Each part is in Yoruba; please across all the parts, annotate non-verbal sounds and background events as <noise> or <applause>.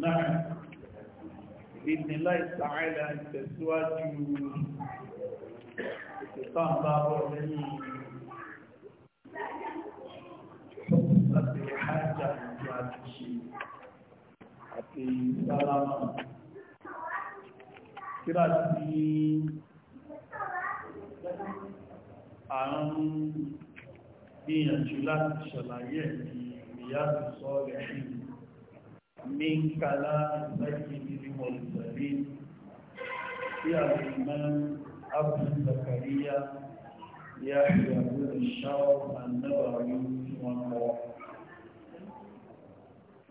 نعم بإذن الله تعالى تسواج اتصال باب الذي حاجة àti sálámà kíra tí àrùn gbìyànjú láti ṣàlàyé ìrìyà sọ́ọ̀rẹ̀ ìlú من كلام سيد المرسلين يا الإمام أبو زكريا يا أبو الشرف النبوي والروح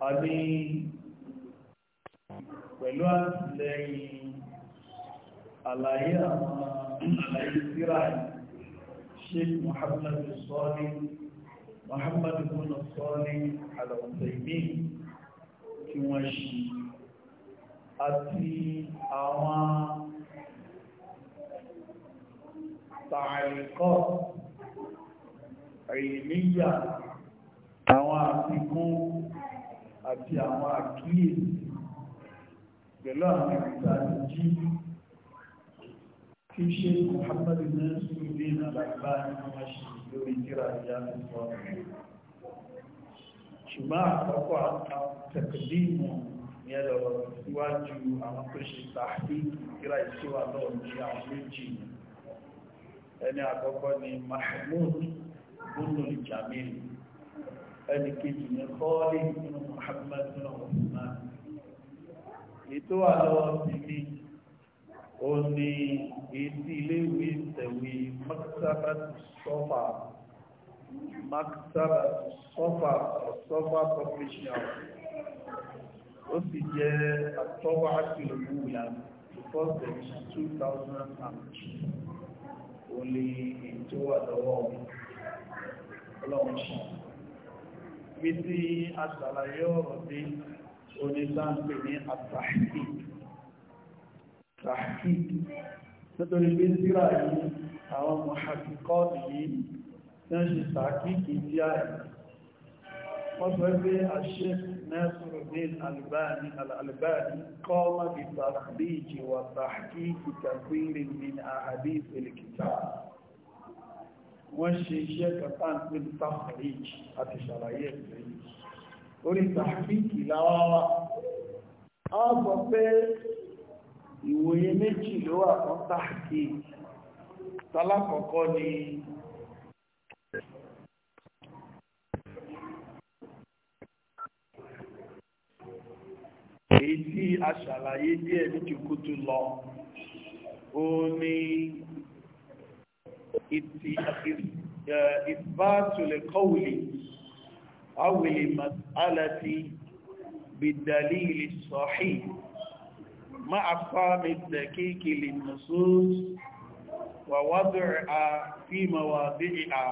أبي ولوات لي على يوم على إسرائيل الشيخ محمد الصالح محمد بن الصالح على أمتيمين tí wọ́n ṣe àti àwọn tààríkọ́ ìníyà àwọn àfikún àti àwọn àkíyèsí pẹ̀lú àwọn ìrìnàjí tí ṣe Muhammadu Nasiru ní àlàgbà ní wọ́n ṣe lórí jíra ìyá ìfọ́nà ṣùgbọ́n àkọ́kọ́ àtàkìdìmọ̀ yẹn lọ síwájú àwọn tó ṣe tàbí kíra ìṣíwà náà ní àwọn méjì ẹni àkọ́kọ́ ni mahmoud bùnú jamil ẹni kejì ní kọ́ọ̀lì nínú muhammad nínú ọ̀sán ètò àlọ́ ti ní ó ní ètí iléèwé ìtẹ̀wé maktaba sọ́fà sọ́fà publishing house ó sì jẹ́ àtọ́wà àti òwúlà first edition two thousand and two ó lé ètò àdọ́wọ́ ọlọ́run ṣe bí tí a ṣàlàyé ọ̀rọ̀ dé onígbàǹpẹ̀ ní àtàkì tàkì nítorí pé síra yìí àwọn mọ̀hàkíkọ́ tán ṣe tàkíkì tí a ẹ̀ wọ́n sọ pé àṣẹ Nasiruddin Albani Al-Albani kọ́ mọ́bí tàbíjì wà tàkíkì tàbírí min àhàbí ìfẹ̀lẹ̀kìtà wọ́n ṣe iṣẹ́ kàtà ń pè ìwòye méjì ló wà fún tàkíkì tálákọ̀ọ́kọ́ ni èyí tí a ṣàlàyé díẹ̀ ní jùkútù lọ ó ní ìbátulẹ̀ kọ́wùlì awìlì mas'alati bìdàlìlì sọ̀hí máa fáàmì dẹ̀kíkì lè nùsùs wà wádùrù a fi mawadi'a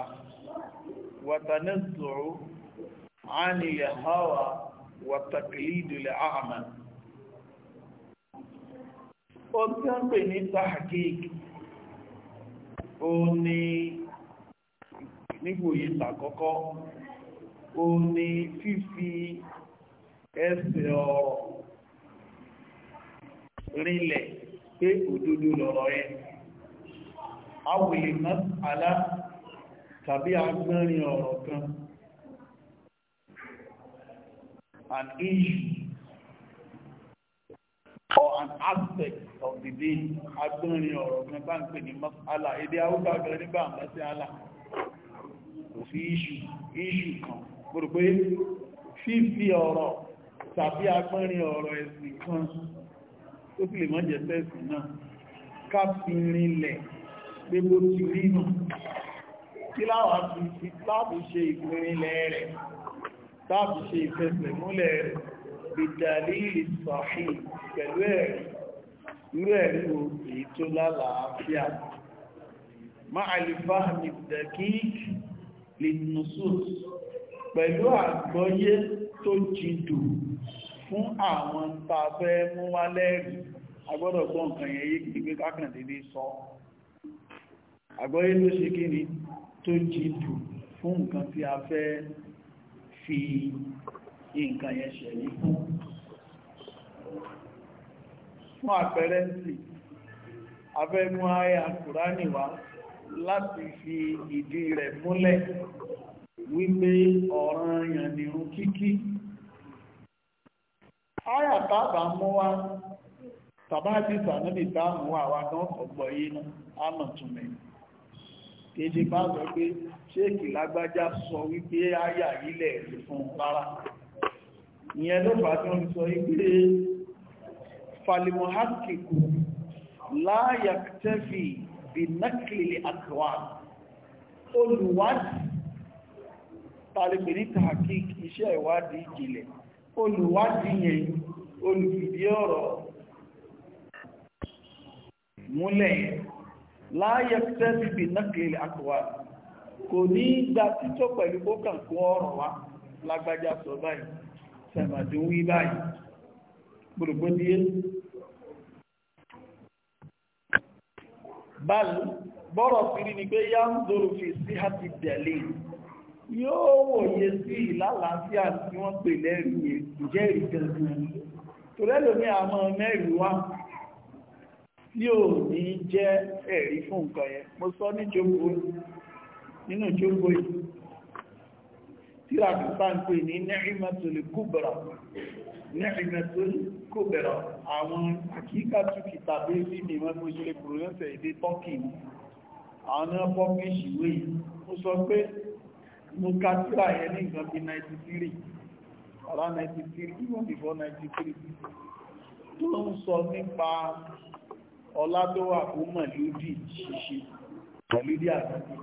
ánìyàn hawa wàtàkìlìdù lè àmà ó tí ń pè ní tahqiq ó ní nígbòye tàkọ́kọ́ ó ní fífi ẹsẹ̀ ọ̀rọ̀ rinlẹ̀ pé òdodo lọ̀rọ̀ ẹ awùlé mọ́ alá tàbí agbẹ́rin ọ̀rọ̀ kan an issue or an aspect of the day agbórin ọ̀rọ̀ kan bá ń pè ní masala èdè awúgbà bẹ̀rẹ̀ nígbà masala kò sí issue issue kan gbogbo pé fífi ọ̀rọ̀ tàbí agbórin ọ̀rọ̀ ẹ̀sìn kan tó sì lè mọ́jẹ̀ sẹ́ẹ̀sì náà ká fi rinlẹ̀ pé bó ti rí nù kí láwàá fi láàbù ṣe ìgbìnrinlẹ̀ rẹ̀ táàbù ṣe ìfẹsẹ̀ múlẹ̀ rẹ̀ ìdàlílì sọ̀hí pẹ̀lú ẹ̀rí irú ẹ̀rí o èyí tó lálàáfíà máàlìfà nìdàkíkì lè nùsùs pẹ̀lú àgbọ́yé tó jìndò fún àwọn tàbẹ́ mú wá lẹ́rí agbọ́dọ̀ nǹkan yẹn yé kìí pé sọ àgbọ́yé ló ṣe kí ni tó jìndò fún nǹkan tí a fẹ́ fi nǹkan yẹn ṣẹ̀lẹ̀ fún fún àpẹẹrẹ sí abẹ́mú ayà kùránì wá láti fi ìdí rẹ̀ múlẹ̀ wípé ọ̀ràn yànìrún kíkí ayà tábà mú wá tàbá ti sànúbì táàmù wà wá ọ̀gbọ̀ yìí náà á kéde bá sọ pé ṣéèkì lágbájá sọ wípé áyà ilẹ̀ rí fún rárá ìyẹn ló fà tí wọ́n sọ wípé falimohakiku láyàkítẹ́fì bí nákìlì àkọwà olùwádìí tàbí ní tààkì iṣẹ́ ìwádìí ìjìnlẹ̀ olùwádìí yẹn olùfìdí ọ̀rọ̀ múlẹ̀ láyàkítẹ́fì bí nákìlì àkọwà kò ní gba títọ́ pẹ̀lú kókàn kó ọ̀rọ̀ wá lágbájá sọ báyìí sẹ̀màdún wí báyìí gbogbo díẹ̀ báyìí bọ́rọ̀ sírí ni pé yá ń zòrò fi sí àti tẹ̀lé yóò wòye sí ìlàlàáfíà tí wọ́n pè lẹ́rìí ìjẹ́rìí gangan torẹ́lòmí àmọ́ mẹ́rin wá tí ò ní jẹ́ ẹ̀rí fún nǹkan yẹn mo sọ ní nínú ìjọ́gbò yìí tíra fi sáńpé ní Ni'matul Kubra Ni'matul Kubra àwọn akíkàtù kìtà bí sí ní mọ́mú ṣe pòrọ́sẹ̀ èdè tọ́kì àwọn náà pọ́píṣì wé mo sọ pé mo ka tíra yẹn ní nǹkan bí 93 ọ̀rá 93 even before 93 tó ń sọ nípa ọlá tó wà fún mọ̀lúdì ṣíṣe mọ̀lúdì àgbàdì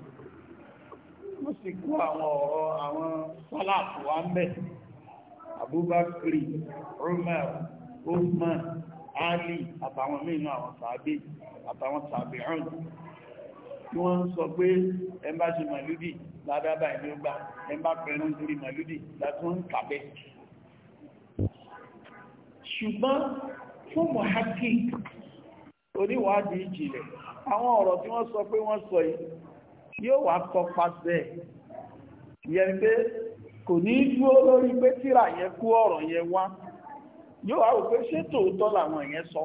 ó sì kó àwọn ọ̀rọ̀ àwọn sálàpù wa ń bẹ̀ Abubakar Umar Usman Ali àtàwọn mìíràn àwọn sàábé àtàwọn sàábé hàn tí wọ́n ń sọ pé ẹmbá ṣe màlúdì ládábà ìlú gbà ẹmbá pẹ̀lú nítorí màlúdì láti wọ́n ń kàbẹ̀ ṣùgbọ́n fún mohakik oníwàádìí ìjìnlẹ̀ àwọn ọ̀rọ̀ tí wọ́n sọ pé wọ́n sọ yìí yóò wá kọ pàṣẹ yẹn pé kò ní dúró lórí pé tíra yẹn kú ọ̀rọ̀ yẹn wá yóò wá wò pé ṣé tòótọ́ làwọn yẹn sọ.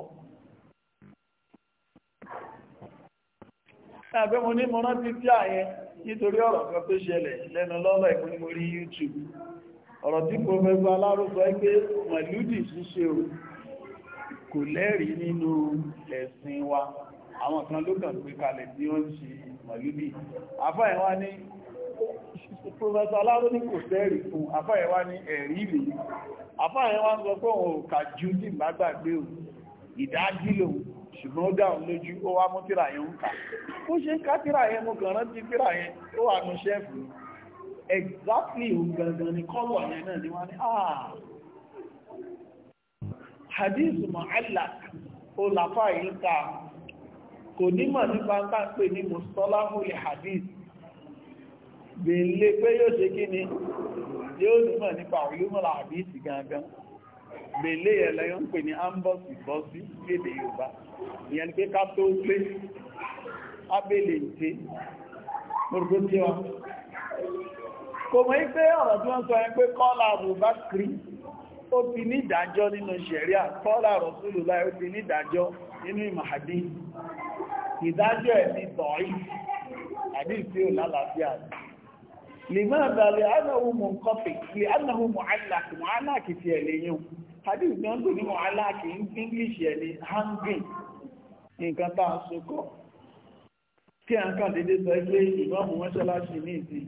ẹgbẹ́ mo ní mo rántí tí àyẹn nítorí ọ̀rọ̀ kan tó ṣẹlẹ̀ lẹ́nu lọ́lọ́ ìpín mo rí YouTube ọ̀rọ̀ tí pọ̀fẹ́sọ alárúkọ ẹgbẹ́ mọ̀lúdì ṣíṣe o kò lẹ́rìí nínú ẹ̀sìn wa àwọn kan ló kàn gbé kalẹ̀ bí wọ́n ṣe mọ̀lúbí afáyẹ̀wá ní professor aláró ní kò sẹ́rì fún afáyẹ̀wá ní ẹ̀rí ìlè afáyẹ̀wá ń sọ pé òun kà ju ní ìgbàgbàgbé o ìdájí lòun ṣùgbọ́n ó dáhùn lójú ó wá mú tíra yẹn ń kà ó ṣe ń ká tíra mo kàn rántí tíra yẹn ó wà nù ṣẹ́ẹ̀fù exactly òun gangan ni kọ́lọ̀ yẹn ah hadith mu'allaq ó làfáà yìí ń kò nímọ̀ nípa tá pè ní mustalahul hadith bí n lè pé yóò ṣe kí ni yóò nímọ̀ nípa ulumul hadith gangan bí lè ń pè ní ambọ̀sì bọ́sí lédè Yorùbá ìyẹn pé ká tó pé abẹ́lẹ̀ ìté gbogbo tí kò mọ̀ ipé ọ̀rọ̀ tí wọ́n sọ ẹ pé kọ́lá ó ní ìdájọ́ nínú ó ní ìdájọ́ nínú ìdájọ́ ẹ̀ ní tọ̀rí àdíṣẹ́ ò lálàáfíà lèmọ́ọ̀dà lè ánáwó mọ̀ kọ́pì lè ánáwó mọ̀ aláàkì mọ̀ aláàkì ti ẹ̀ lẹ́yìn o àdíṣẹ́ náà tó ní mọ̀ aláàkì english ẹ̀ ní hangin nǹkan tá a so kọ́ kí à ń kàn dédé sọ pé ìbámu mọ́ṣáláṣí ní ìsìn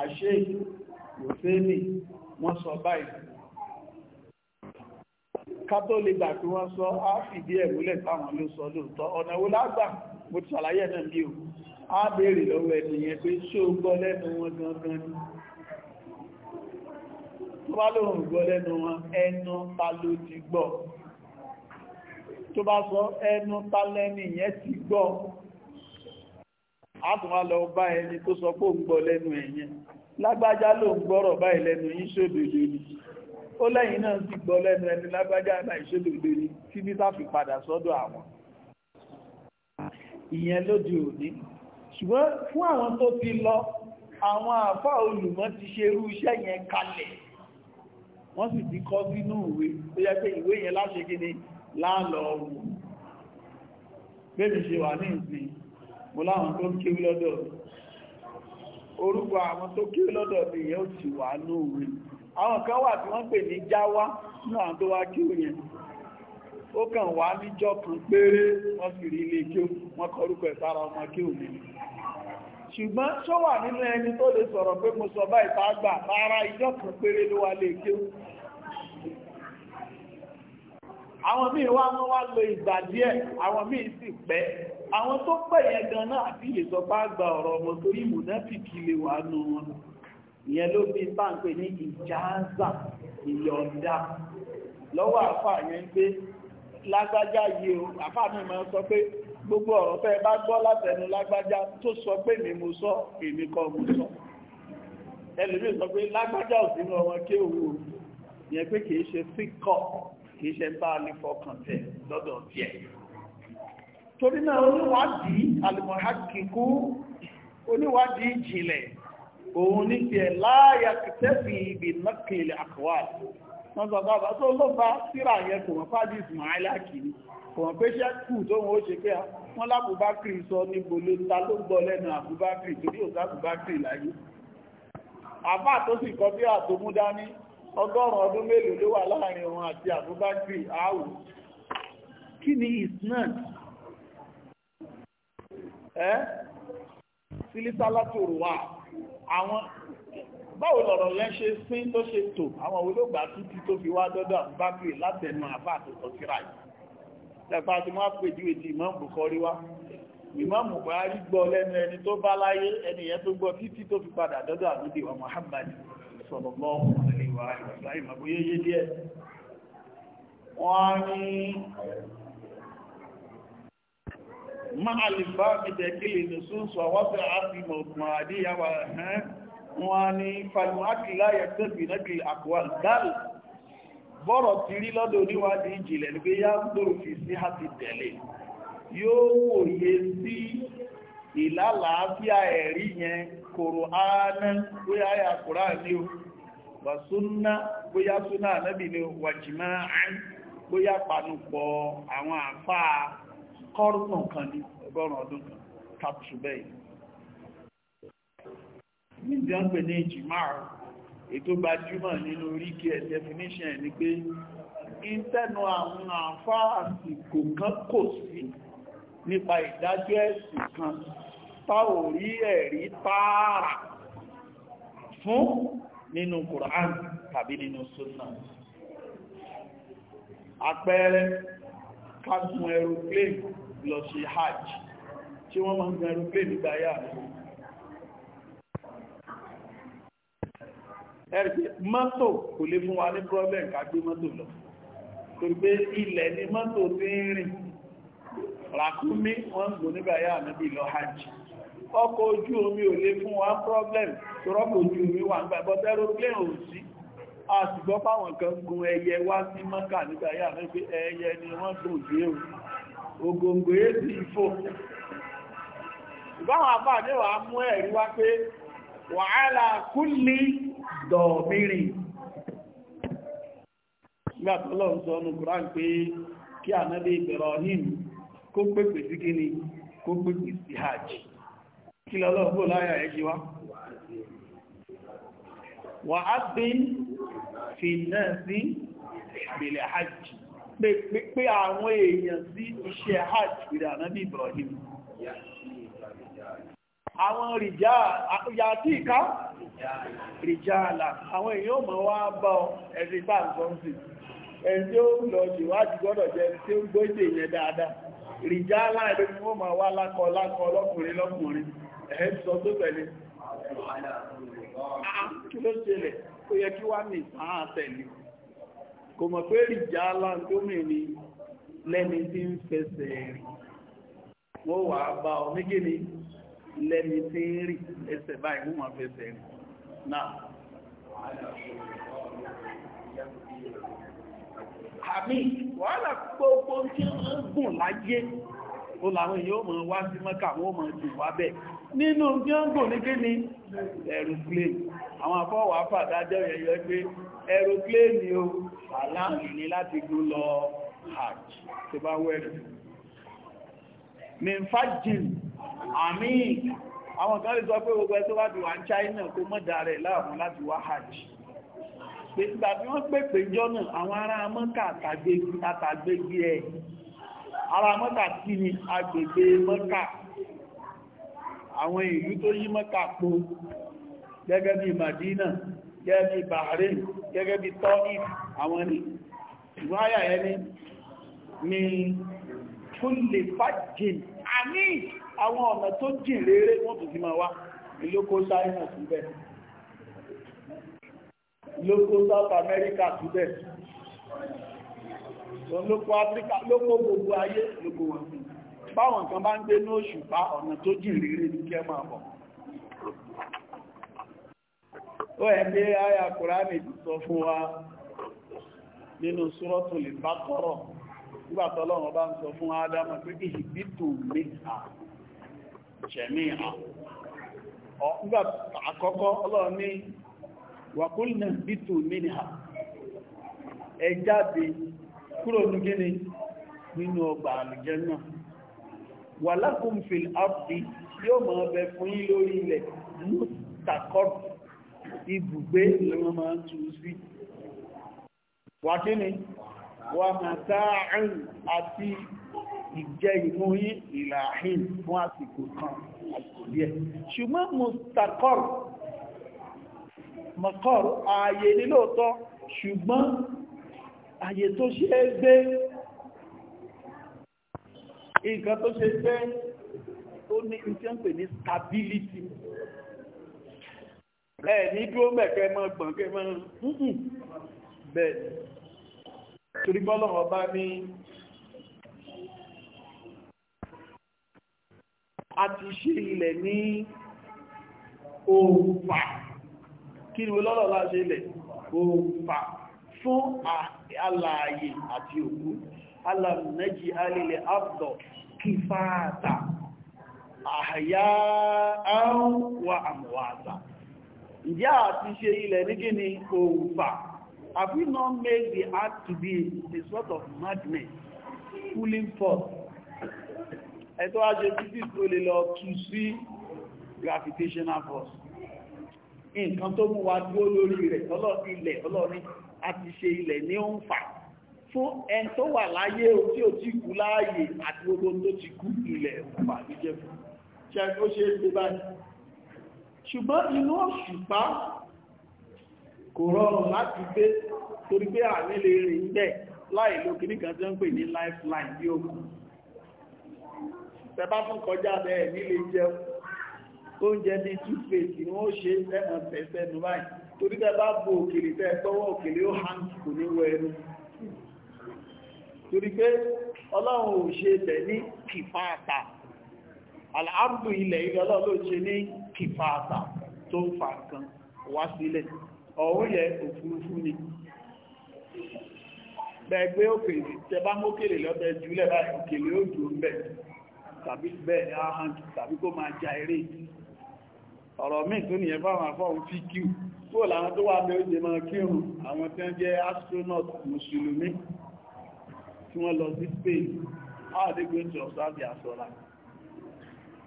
àṣẹ òṣèlú wọ́n sọ báyìí kátólì gbà tí wọ́n sọ á fìdí ẹ̀ múlẹ̀ táwọn ló sọ lóòótọ́ ọ̀nà wo lágbà mo ti ṣàlàyé náà bí o a béèrè lọ́wọ́ ènìyàn pé ṣé gbọ́ lẹ́nu wọn gangan ni tó bá lóhùn gbọ́ lẹ́nu wọn ẹnu ta ló ti gbọ́ tó bá sọ ẹnu ta lẹ́ni yẹn ti gbọ́ a tún wá lọ bá ẹni tó sọ pé ó ń gbọ́ lẹ́nu ẹ̀yẹn lágbájá ló ń gbọ́rọ̀ báyìí lẹ́nu yín ṣòdòdó ni ó lẹ́yìn náà ti gbọ́ lẹ́nu ẹni lágbájá náà ìṣòdòdó ni tí bí tá padà sọ́dọ̀ àwọn ìyẹn lóde òní ṣùgbọ́n fún àwọn tó ti lọ àwọn àfá olùmọ̀ ti ṣe irú iṣẹ́ yẹn kalẹ̀ wọ́n sì ti kọ sínú ìwé tó yẹ pé ìwé yẹn láṣẹ kí ni láàlọ́ọ̀wò bẹ́ẹ̀ ṣe wà ní ìsìn mo láwọn tó ń kéwú lọ́dọ̀ orúkọ àwọn tó kéwú lọ́dọ̀ mi yẹn ó ti wà ní òwe àwọn kan wà tí wọ́n pè ní jáwá náà tó wá kéwú yẹn ó kàn wá níjọ́ kan péré wọ́n sì rí ilé kí wọ́n kọrúkọ ìsára ọmọ kí ò ní ṣùgbọ́n ṣó wà nínú ẹni tó lè sọ̀rọ̀ pé mo sọ bá gbà rárá ìjọ́ kan péré ló wà lè kí àwọn míì wá wọ́n wá lo ìgbà díẹ̀ àwọn míì sì pẹ́ àwọn tó pẹ̀ yẹn gan náà àti lè sọ bá gba ọ̀rọ̀ ọmọ torí mùnáfìkì lè wà nù wọn ìyẹn ló fi bá ń pè ní ìjáàzà ìyọ̀ǹda lọ́wọ́ àfà yẹn pé lágbájá yìí o àfáà gbogbo ọ̀rọ̀ tẹ́ bá gbọ́ látẹnu lágbájá tó sọ pé mi mo sọ èmi kọ́ mo sọ ẹlòmí sọ pé lágbájá ò ọmọ kí yẹn pé kìí ṣe síkọ̀ kìí ṣe bá a lè fọkàn tẹ̀ torí náà oníwádìí alìmọ̀hákìkú oníwádìí òun ní láàyà ìbí wọ́n sọ bàbá tó ló bá síra yẹn kò wọ́n fàájì ìsìnmáìlá kìí kò wọ́n pé ṣẹ́ kù tó wọ́n ó ṣe pé wọ́n lábùbákìrì sọ níbo ló ta ló gbọ́ lẹ́nu àbúbákìrì torí ò sábùbákìrì láyé àbá tó sì kọ bí àtòmú dání ọgọ́rùn ọdún mélòó ló wà láàrin òun àti àbúbákìrì áwù kí ni isnan ẹ́ sílísálátòrò wà àwọn báwo lọ̀rọ̀ yẹn ṣe sín tó ṣe tò àwọn olóògbà títí tó fi wá dọ́dọ̀ àbúbákiri látẹnu àbá àtòkọ̀ síra yìí tẹ̀pá tí wọ́n pè ju èdè Imam Bukhari wá Imam Bukhari gbọ́ lẹ́nu ẹni tó bá láyé ẹni yẹn tó gbọ́ títí tó fi padà dọ́dọ̀ àbúdé wa Muhammad sallallahu alaihi wa sallam àbúyéyé díẹ̀ wọ́n ní máa lè bá mi tẹ̀kílì wọ́n ní falimakila yẹ̀tẹ́ bìnẹ́kì àkọwàl dáàlì bọ́rọ̀ ti rí lọ́dọ̀ oníwádìí ìjìnlẹ̀ ní pé yá ń gbòrò fi sí àti tẹ̀lé yóò wòye sí ìlàlàáfíà ẹ̀rí yẹn kòrò áánà bóyá kan ní ìdánpẹ̀ ní ìjìmáà ètò gbajúmọ̀ nínú oríkì definition ni pé ìtẹ́nu àwọn àfá àsìkò kan kò sí nípa ìdájọ́ ẹ̀sìn kan tá ò rí ẹ̀rí tààrà fún nínú Qur'an tàbí nínú sunna, àpẹẹrẹ kágun aeroplane lọ sí hajj tí wọ́n máa ń gun aeroplane nígbà ẹ̀rí mọ́tò kò lè fún wa ní problem ká mọ́tò lọ torí pé ilẹ̀ ní mọ́tò ti ń rìn ràkúnmí wọ́n ń nígbà yá lọ hajj ọkọ̀ ojú omi ò lè fún wa problem ojú omi wà ń gbà bọ́ aeroplane ò sí a sì gbọ́ fáwọn kan gun ẹyẹ wá sí mọ́kà nígbà yá ẹyẹ ni wọ́n gùn dé o ògòǹgò ìbáwọn wàhálà kúlì dọ̀mírì gbàtọ́lọ̀ sọ ọ́nù kùrán pé kí ànábì Ibrahim kó pèpè sí kí ni kó pèpè sí hajj kí lọ́lọ́gbò láyà ẹ̀ṣì wá wà á bí fi náà sí ìbìlẹ̀ hajj pé àwọn èèyàn sí iṣẹ́ hajj àwọn rìjá àti ìká rìjá àlà àwọn èèyàn mọ̀ wá bá ẹ̀sìn bá ń sọ sí ẹni tí ó lọ ṣèwádìí gbọ́dọ̀ jẹ́ tí ó gbọ́ èdè yẹn dáadáa rìjá àlà ẹ̀rẹ́ ni wọ́n máa wá lákọ lákọ lọ́kùnrin lọ́kùnrin ẹ̀ sọ tó tẹ̀lé ah, kí ló ṣẹlẹ̀ ó yẹ kí wá mi sáà tẹ̀lé kò mọ̀ pé rìjá àlà tó mì ní lẹ́ni tí ń fẹsẹ̀ rìn wọ́n wà bá ọ lẹ́ni tí ń rí ẹsẹ̀ báyìí wọ́n máa fẹsẹ̀ rìn náà àmì wàhálà gbogbo tí ó ń gùn láyé ó làwọn èèyàn mọ̀ wá sí mọ́kà wọ́n mọ̀ jù wá bẹ̀ nínú tí ó ń gùn ní kíni aeroplane àwọn afọ́wà fàdájọ́ ẹ̀yọ́ pé aeroplane o aláàrin ní láti gún lọ hajj tó bá wẹ́rẹ̀ àmì àwọn kan lè sọ pé gbogbo ẹ wá ti wà ní China kó mọ́ darẹ̀ láàmú láti wá hajj ìgbà tí wọ́n pè péjọ náà àwọn ará mọ́ta àtàgbégbé ẹ̀ ará mọ́ta tí ni agbègbè mọ́ta àwọn ìlú tó yí mọ́ta po gẹ́gẹ́ bí Madina gẹ́gẹ́ bí Bahrain gẹ́gẹ́ bí tọ́nif àwọn ni ìwáyà ẹni ni kúlè fàjìn àmì àwọn ọ̀nà tó jìn rere wọ́n tó ti máa wá ìlókó China síbẹ̀ lókó South America síbẹ̀ lókó Africa lókó gbogbo ayé lókó wọn báwọn nǹkan bá ń gbé ní òṣùpá ọ̀nà tó jìn rere ní kẹ́ máa bọ̀ ó ẹgbẹ́ àyà kùránì sọ fún wa nínú Suratul Baqarah nígbàtọ́lọ́wọ́n bá ń sọ fún Ádámù pé kí ìbítò mẹ́ta ṣẹ̀mí àkọ́kọ́ ọlọ́run ní wàkúlìnà bítù mínìhà ẹ jáde kúrò ní gíní nínú ọgbà àlùjẹ́ náà wà lákùn fìl ápì yóò mọ̀ ọbẹ̀ fún yí lórí ilẹ̀ mútàkọ́ ibùgbé lọ́wọ́ máa ń sí wà kíní wà màtáàrùn àti ìjẹ́ ìmú yí ìlàáhìn fún àsìkò kan àsìkò díẹ̀ ṣùgbọ́n mustakor makor ààyè ni lóòtọ́ ṣùgbọ́n ààyè tó ṣe é gbé nǹkan tó ṣe gbé ó ní iṣẹ́ ń pè ní stability ẹ̀ ní dúró mẹ́kẹ́ mọ́ gbọ̀ngẹ́ mọ́ bẹ́ẹ̀ torí bọ́lọ̀ a ti ṣe ilẹ̀ ní òǹfà kí ni lọ́lọ́ láà ṣe ilẹ̀ òǹfà fún alààyè àti òkú alàmìnẹ́jì alìlẹ̀ afdọ̀ kìfàátà àhàyà àrùn wa àmọ̀wàtà ìjẹ́ àti ṣe ilẹ̀ ní kí ni òǹfà have we not made the act to be a sort of madness pulling forth ẹ̀tọ́ wá ṣe physics ó lè lọ tú sí gravitational force nǹkan tó mú wa dúró lórí rẹ̀ ilẹ̀ ọlọ́ni àti ṣe ilẹ̀ ní ó ń fà fún ẹn tó wà láyé o tí ò ti kú láàyè àti gbogbo tó ti kú ilẹ̀ ọ̀pá jíjẹ́ fún ṣe ó ṣe é báyìí ṣùgbọ́n inú òṣùpá kò rọrùn láti gbé torí pé àmì lè rìn bẹ́ẹ̀ láì lókè nìkan tó ń pè ní lifeline bí ó kù tẹ́bá tún kọjá bẹ́ẹ̀ nílé jẹun oúnjẹ bí toothpaste ni wọ́n ṣe ẹ̀mọ̀ tẹ̀sẹ̀ nù báyìí torí tẹ́ bá bo òkèlè tẹ́ tọwọ́ òkèlè ó hàn kò ní wọ ẹnu torí pé ọlọ́run ò ṣe tẹ̀ ní kìfààtà aláàbù ilẹ̀ ilẹ̀ ọlọ́run ló ṣe ní kìfààtà tó ń fa nǹkan wá sílẹ̀ ọ̀hún yẹ òfurufú ni bẹ́ẹ̀ gbé òkèlè tẹ́ bá mókèlè lọ́bẹ̀ jùlẹ̀ báyìí òkèlè ó dùn bẹ́ẹ̀ tàbí bẹ́ẹ̀ ni ahand tàbí kó máa ja eré ọ̀rọ̀ míì tó nìyẹn fáwọn afọ́run fi kí kó làwọn tó wà bẹ́ oúnjẹ máa kírùn àwọn tí wọ́n jẹ́ astronaut mùsùlùmí tí wọ́n lọ sí Spain how they going to observe their solar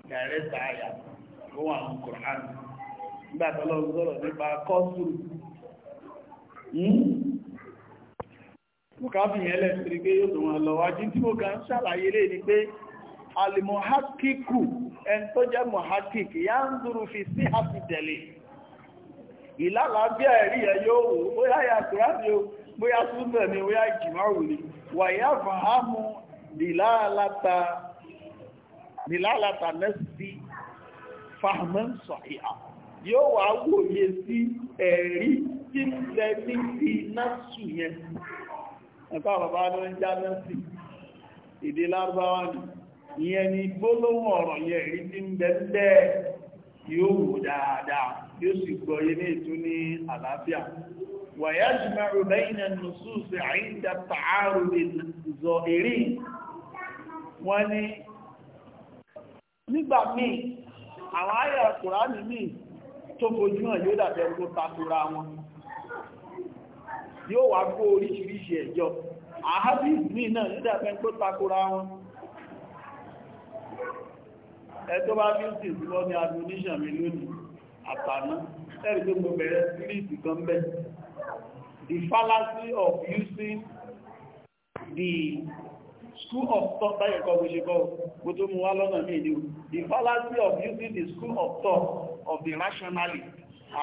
direct aya ó wà ní Quran nígbà tó lọ sọ̀rọ̀ nípa kọ́sùrù hmm? mo kà á fi yẹn lẹ́sìrì pé yóò tó wọn lọ wájú tí mo kà ń ṣàlàyé lé ni pé alimohakiku ẹn tó jẹ́ mohakik ya ń dúró fi sí àfitẹ̀lé ìlàlàáfíà ẹ̀rí ẹ̀ yóò wò bóyá ya kùránì o bóyá súnbẹ̀ ni bóyá ìjìmáwò ni wàyá fàhámù dìláàlàtà mẹ́sì fàhámù sọ̀híà yóò wà wòye sí ẹ̀rí tí ń bẹ ní ti násù yẹn ẹ̀kọ́ àbàbá ló ń já mẹ́sì ìdí lárúbáwá ni ìyẹn ni gbólóhùn ọ̀rọ̀ yẹn èyí tí ń bẹ ńlẹ̀ yóò wò dáadáa yóò sì gbọ́ ní ètò ní àlàáfíà ويجمع بين النصوص عند التعارض الظاهري wọ́n ní nígbà míì àwọn àyà Kùránì míì tó fojú hàn yóò dàbẹ̀ kó takora wọn yóò wá kó oríṣiríṣi ẹ̀jọ́ àhábí míì náà yóò dàbẹ̀ kó ẹ̀tọ́ bá fi ń sì ní admonition mi lónìí àtàná ẹ̀rì tó mo bẹ̀rẹ̀ spirit kan bẹ́ the fallacy of using the school of thought báyẹ̀ kọ́ bó ṣe kọ́ bó tó mú wá lọ́nà mí ni the fallacy of using the school of thought of the rationalist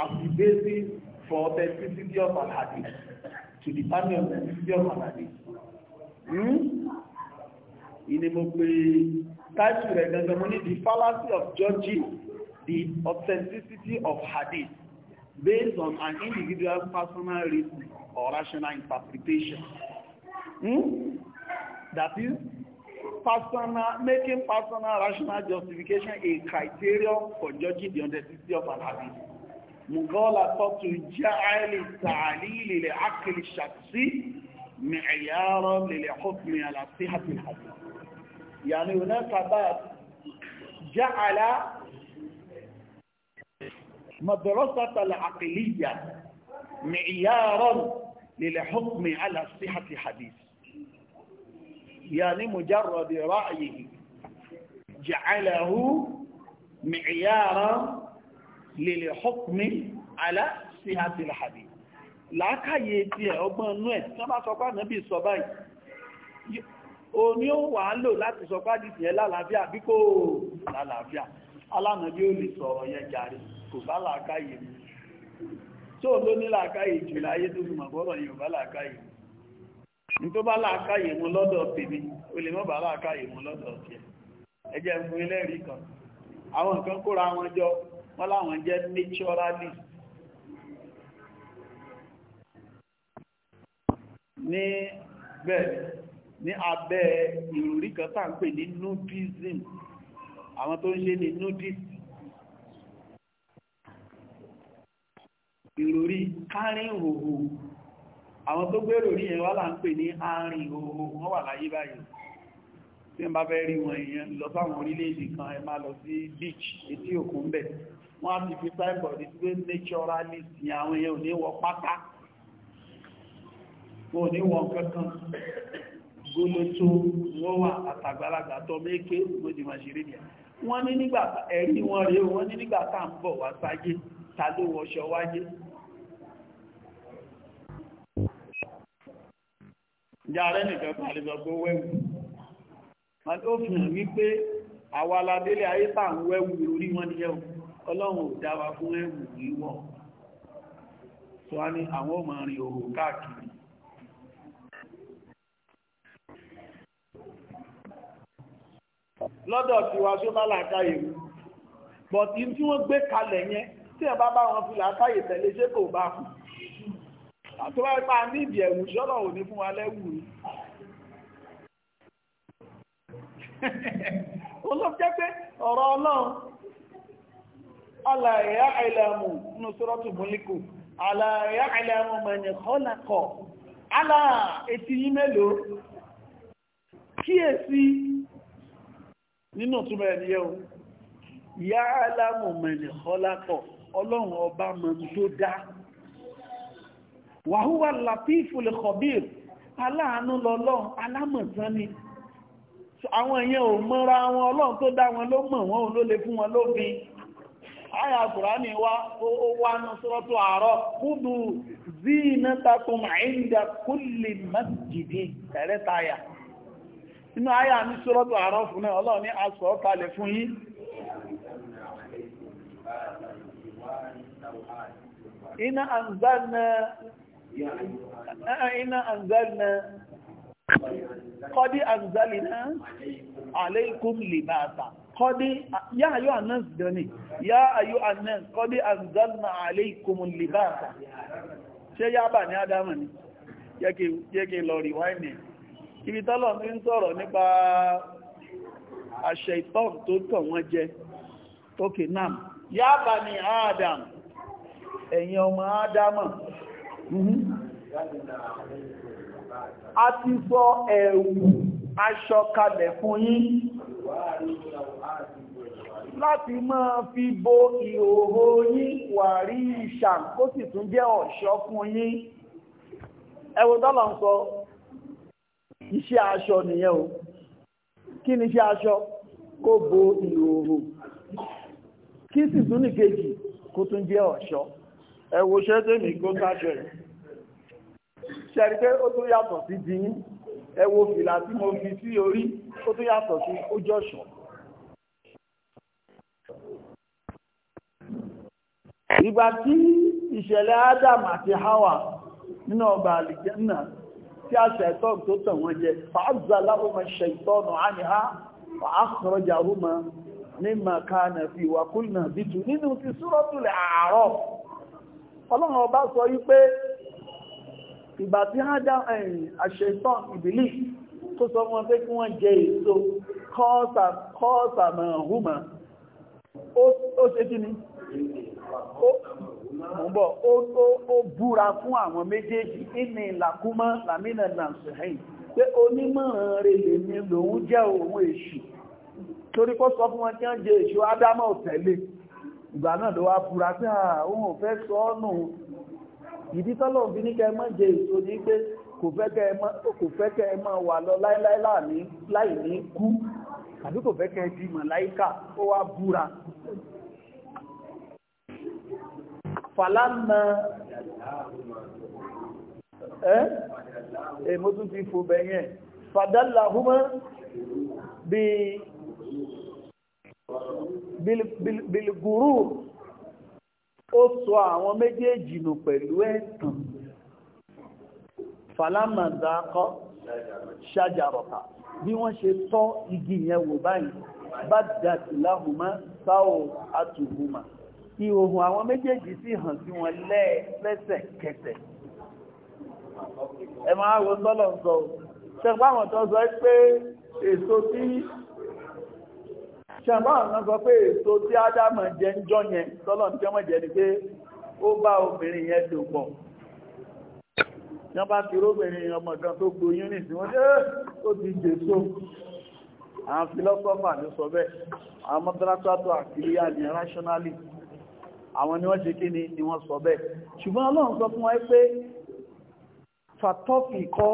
as the basis for authenticity of an hadith to determine authenticity of an hadith. Hmm? Ìní mo pé táìsù rẹ̀ gangan mo ní the fallacy of judging the authenticity of hadith based on an individual personal reason or rational interpretation. Hmm? That is, personal, making personal rational justification a criterion for judging the authenticity of an hadith. مغالطة جعل akili لعقل الشخصي معيارا للحكم على صحة الحديث يعني هناك باب جعل مدرسة العقلية معيارا للحكم على صحة الحديث يعني مجرد رأيه جعله معيارا للحكم على صحة الحديث láàkàyè tí ẹ̀ ọgbọ́n inú ẹ̀ tí wọ́n bá sọ pé ànábì sọ báyìí o ní ó wà á lò láti sọ pàdìsì yẹn lálàáfíà bí kò lálàáfíà alánà bí ó lè sọ yẹn jàre kò bá làákàyè mu tó ló ní làákàyè jù láyé tó fi mọ̀gbọ́rọ̀ yìí ò bá làákàyè mu ní tó bá làákàyè mu lọ́dọ̀ tèmi o lè mọ́ bá làákàyè mu lọ́dọ̀ tiẹ̀ ẹ jẹ́ fún ẹlẹ́rìí kan àwọn nǹkan kóra wọn jọ wọ́n láwọn jẹ́ naturalist ní bẹ́ẹ̀ ní abẹ́ ìròrí kan tá ń pè ní nudism àwọn tó ń ṣe ní nudist ìròrí kárin òhò àwọn tó gbé ìròrí yẹn wá là ń pè ní àárín òhò wọ́n wà láyé báyìí tí ń bá fẹ́ rí wọn èèyàn lọ sáwọn orílẹ̀-èdè kan ẹ máa lọ sí beach etí òkun bẹ̀ wọ́n á ti fi signboard sí pé naturalist ni àwọn èèyàn ò ní wọ pátá wọn ò ní wọ kankan gólótó wọ́wà àtàgbàlagbà tọ́ méèké gbódìmọ̀ṣeré ni wọ́n ní nígbà ẹ̀rí wọn rèé wọ́n ní nígbà tá à ń bọ̀ wá sáyé ta ló wọṣọ wáyé yàrá nìkan pàlẹ́sọ pé wẹ́wù ó fi hàn wípé àwa aládélé ayé tà ń wẹ́wù orí wọn ni yẹ́wù ọlọ́run ò dá wa fún ẹ̀wù wíwọ̀ tó wá ní àwọn ọmọ rìn òhò káàkiri lọ́dọ̀ tí wá ṣó bá làákàyè mú bọ̀tí tí wọ́n gbé kalẹ̀ yẹn tí ẹ bá bá wọn fi làákàyè tẹ̀lé ṣé kò bá kù àti wọ́n pa ní ìdí ẹ̀wù ṣọ́nà òní fún wa lẹ́wù rí olóòjẹ́ <laughs> pé ọ̀rọ̀ ọlọ́run aláàyà àìlẹ̀mù nínú sọ́rọ́tù múlíkù aláàyà àìlẹ̀mù mẹ́rin kọ́nàkọ̀ aláà etí yí mélòó kíyèsí nínú túnmọ̀ ẹni yẹ́ o yá alámù mẹ́lẹ̀ ọlápọ̀ ọlọ́run ọba mọ̀ tó dá wàhúwà làtífù lè kọ̀bír aláàánú lọ́lọ́run alámọ̀tán ni àwọn èèyàn ò mọ́ra wọn ọlọ́run tó dá wọn ló mọ̀ wọn ò ló lè fún wọn lóbi àyà kùránì wá ó wá ní sọ́rọ́tọ̀ àárọ̀ kúdù zínátàkùn àìndà kúlì masjidi tẹ̀rẹ́tàyà inú àyà ní sọ́rọ̀tọ̀ àárọ̀ fún náà ọlọ́run ní aṣọ kalẹ̀ fún yín iná àǹzánà iná àǹzánà kọ́dí àǹzánà alaykum libata kọ́dí yá ayó annas dani yá ayó annas kọ́dí àǹzánà alaykum libata ṣe yá bà ní ádámà ni yẹ́kẹ́ lọ rí wáìnì ibi tọ́lọ̀ ní ń sọ̀rọ̀ nípa àṣẹ ìtọ́n tó tọ̀ wọ́n jẹ tókè náà yába ni adam ẹ̀yin ọmọ adamọ̀ mhm. a ti sọ ẹ̀wù aṣọ kalẹ̀ fún yín láti máa fi bo ìhòhò yín wà rí ìṣàn kó sì tún jẹ́ ọ̀ṣọ́ fún yín ẹwọ ń sọ iṣẹ́ aṣọ nìyẹn o kí ni iṣẹ́ aṣọ kó bo ìhòòhò kí sì tún ní kejì kó tún jẹ́ ọ̀ṣọ́ ẹ wo iṣẹ́ tèmi kó sáṣọ ẹ̀ ṣẹ́rí pé ó tún yàtọ̀ sí dín ẹ fìlà tí mo fi sí orí ó tún yàtọ̀ sí ìgbà tí ìṣẹ̀lẹ̀ Adam àti Hawa nínú ọgbà àlìjẹ́ náà tí a ṣẹ̀tọ́n tó tàn wọ́n jẹ fàázàláhùmà ṣẹ̀tọ́nù àníhá fàákọrọjàhùmà mímà káànà fi wàkúnnà bìtù nínú ti súrọ́tùlẹ̀ àárọ̀ ọlọ́run ọba sọ wípé ìgbà tí àṣẹ̀tọ́n ìbílì tó sọ wọn pé kí wọ́n jẹ èso kọ́ọ̀sàmọ̀ hùmà mọ̀ ó búra fún àwọn méjèèjì inú ìlàkúmọ́ lamina nansuhain pé onímọ̀ràn rẹ̀ lè ní lòun jẹ́ òun èṣù torí kó sọ fún wọn tí wọ́n jẹ èṣù ádámọ̀ tẹ̀lé ìgbà náà ló wá búra pé àwọn ò fẹ́ sọ ọ́ nù ìdí tọ́lọ̀ fi ní kẹ́ mọ́ jẹ èso ní pé kò fẹ́ kẹ́ ẹ mọ́ wà lọ láíláí láì ní kú àbí kò fẹ́ kẹ́ ẹ di màláíkà ó wá búra fàlámà ẹ́ èmó tún ti fò bẹ̀yẹn fàdálà bi, bí bilguru ó sọ àwọn méjèèjì nù pẹ̀lú ẹ̀tàn fàlámà dákọ́ ṣájàrọ̀ta bí wọ́n ṣe tọ́ igi yẹn wò báyìí bá dàtìláhùmá sáò àtùhùmá ìhòhùn àwọn méjèèjì sì hàn sí wọn lẹ́sẹ̀kẹsẹ̀ ẹ máa wo sọ́lọ̀ sọ ṣẹ̀gbọ́n tó sọ pé èso tí ṣẹ̀gbọ́n náà sọ pé èso tí ádámọ̀ jẹ ń jọ yẹn sọ́lọ̀ tí wọ́n jẹ ni pé ó bá obìnrin yẹn lò pọ̀ wọ́n bá fi róbìnrin ọmọ kan tó gboyún nìsí wọ́n jẹ́ ó ti jèso àwọn fìlọ́sọ́fà ló sọ bẹ́ẹ̀ àwọn mọ́tàlátàtọ̀ àkìlíyà ní rationalist àwọn ni wọ́n ṣe kí ni wọ́n sọ bẹ́ẹ̀ ṣùgbọ́n ọlọ́run sọ fún wa pé fàtọ́fì kọ́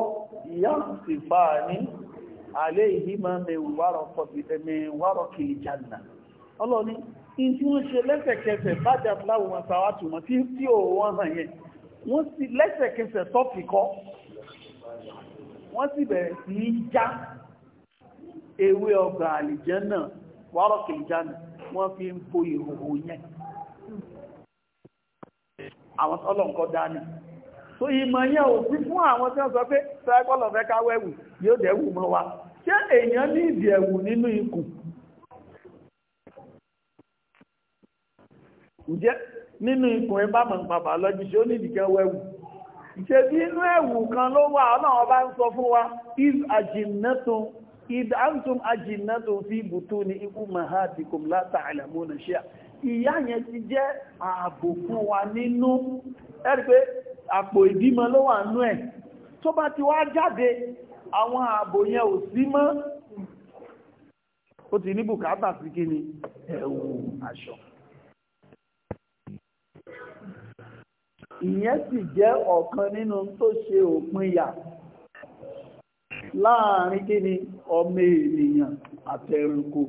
ìyá sì fà ní alẹ́ ìhímọ̀ mẹ́wàrọ̀ kìí jàǹdà ọlọ́run ní in tí wọ́n ṣe lẹ́sẹ̀kẹsẹ̀ bájá fúláwò wọn sàwátù wọn tí tí ò wọ́n hàn yẹn wọ́n sì lẹ́sẹ̀kẹsẹ̀ tọ́pì fi ń bo ìhòhò yẹn àwọn tọ́lọ̀nkọ́ dání so ìmọ̀ yẹn ò fi fún àwọn tí wọ́n sọ pé sẹ́gbọ́lọ̀ fẹ́ káwẹ́wù yóò dẹ̀wù mọ́ wa ṣé èèyàn ní ìdẹ̀wù nínú ikùn ǹjẹ́ nínú ikùn ẹ bá mọ̀ ń pàpà lọ́jú ṣé ó ní ìdíkẹ́ wẹ́wù ṣe bí inú ẹ̀wù kan ló wà ọlọ́run bá ń sọ fún wa if ajinnatun if antum ajinnatun fi butuni ikú mahadikum látàlẹ́mú nàṣíà ìyá yẹn ti jẹ́ ààbò fún wa nínú ẹ̀rí pé àpò ìbímọ ló wà nú ẹ̀ tó bá ti wá jáde àwọn ààbò yẹn ò sí mọ́ ó ti ní bùkátà sí kí ni ẹ̀wù aṣọ ìyẹn sì jẹ́ ọ̀kan nínú tó ṣe òpin yà láàrin kí ni ọmọ ènìyàn àtẹrùkù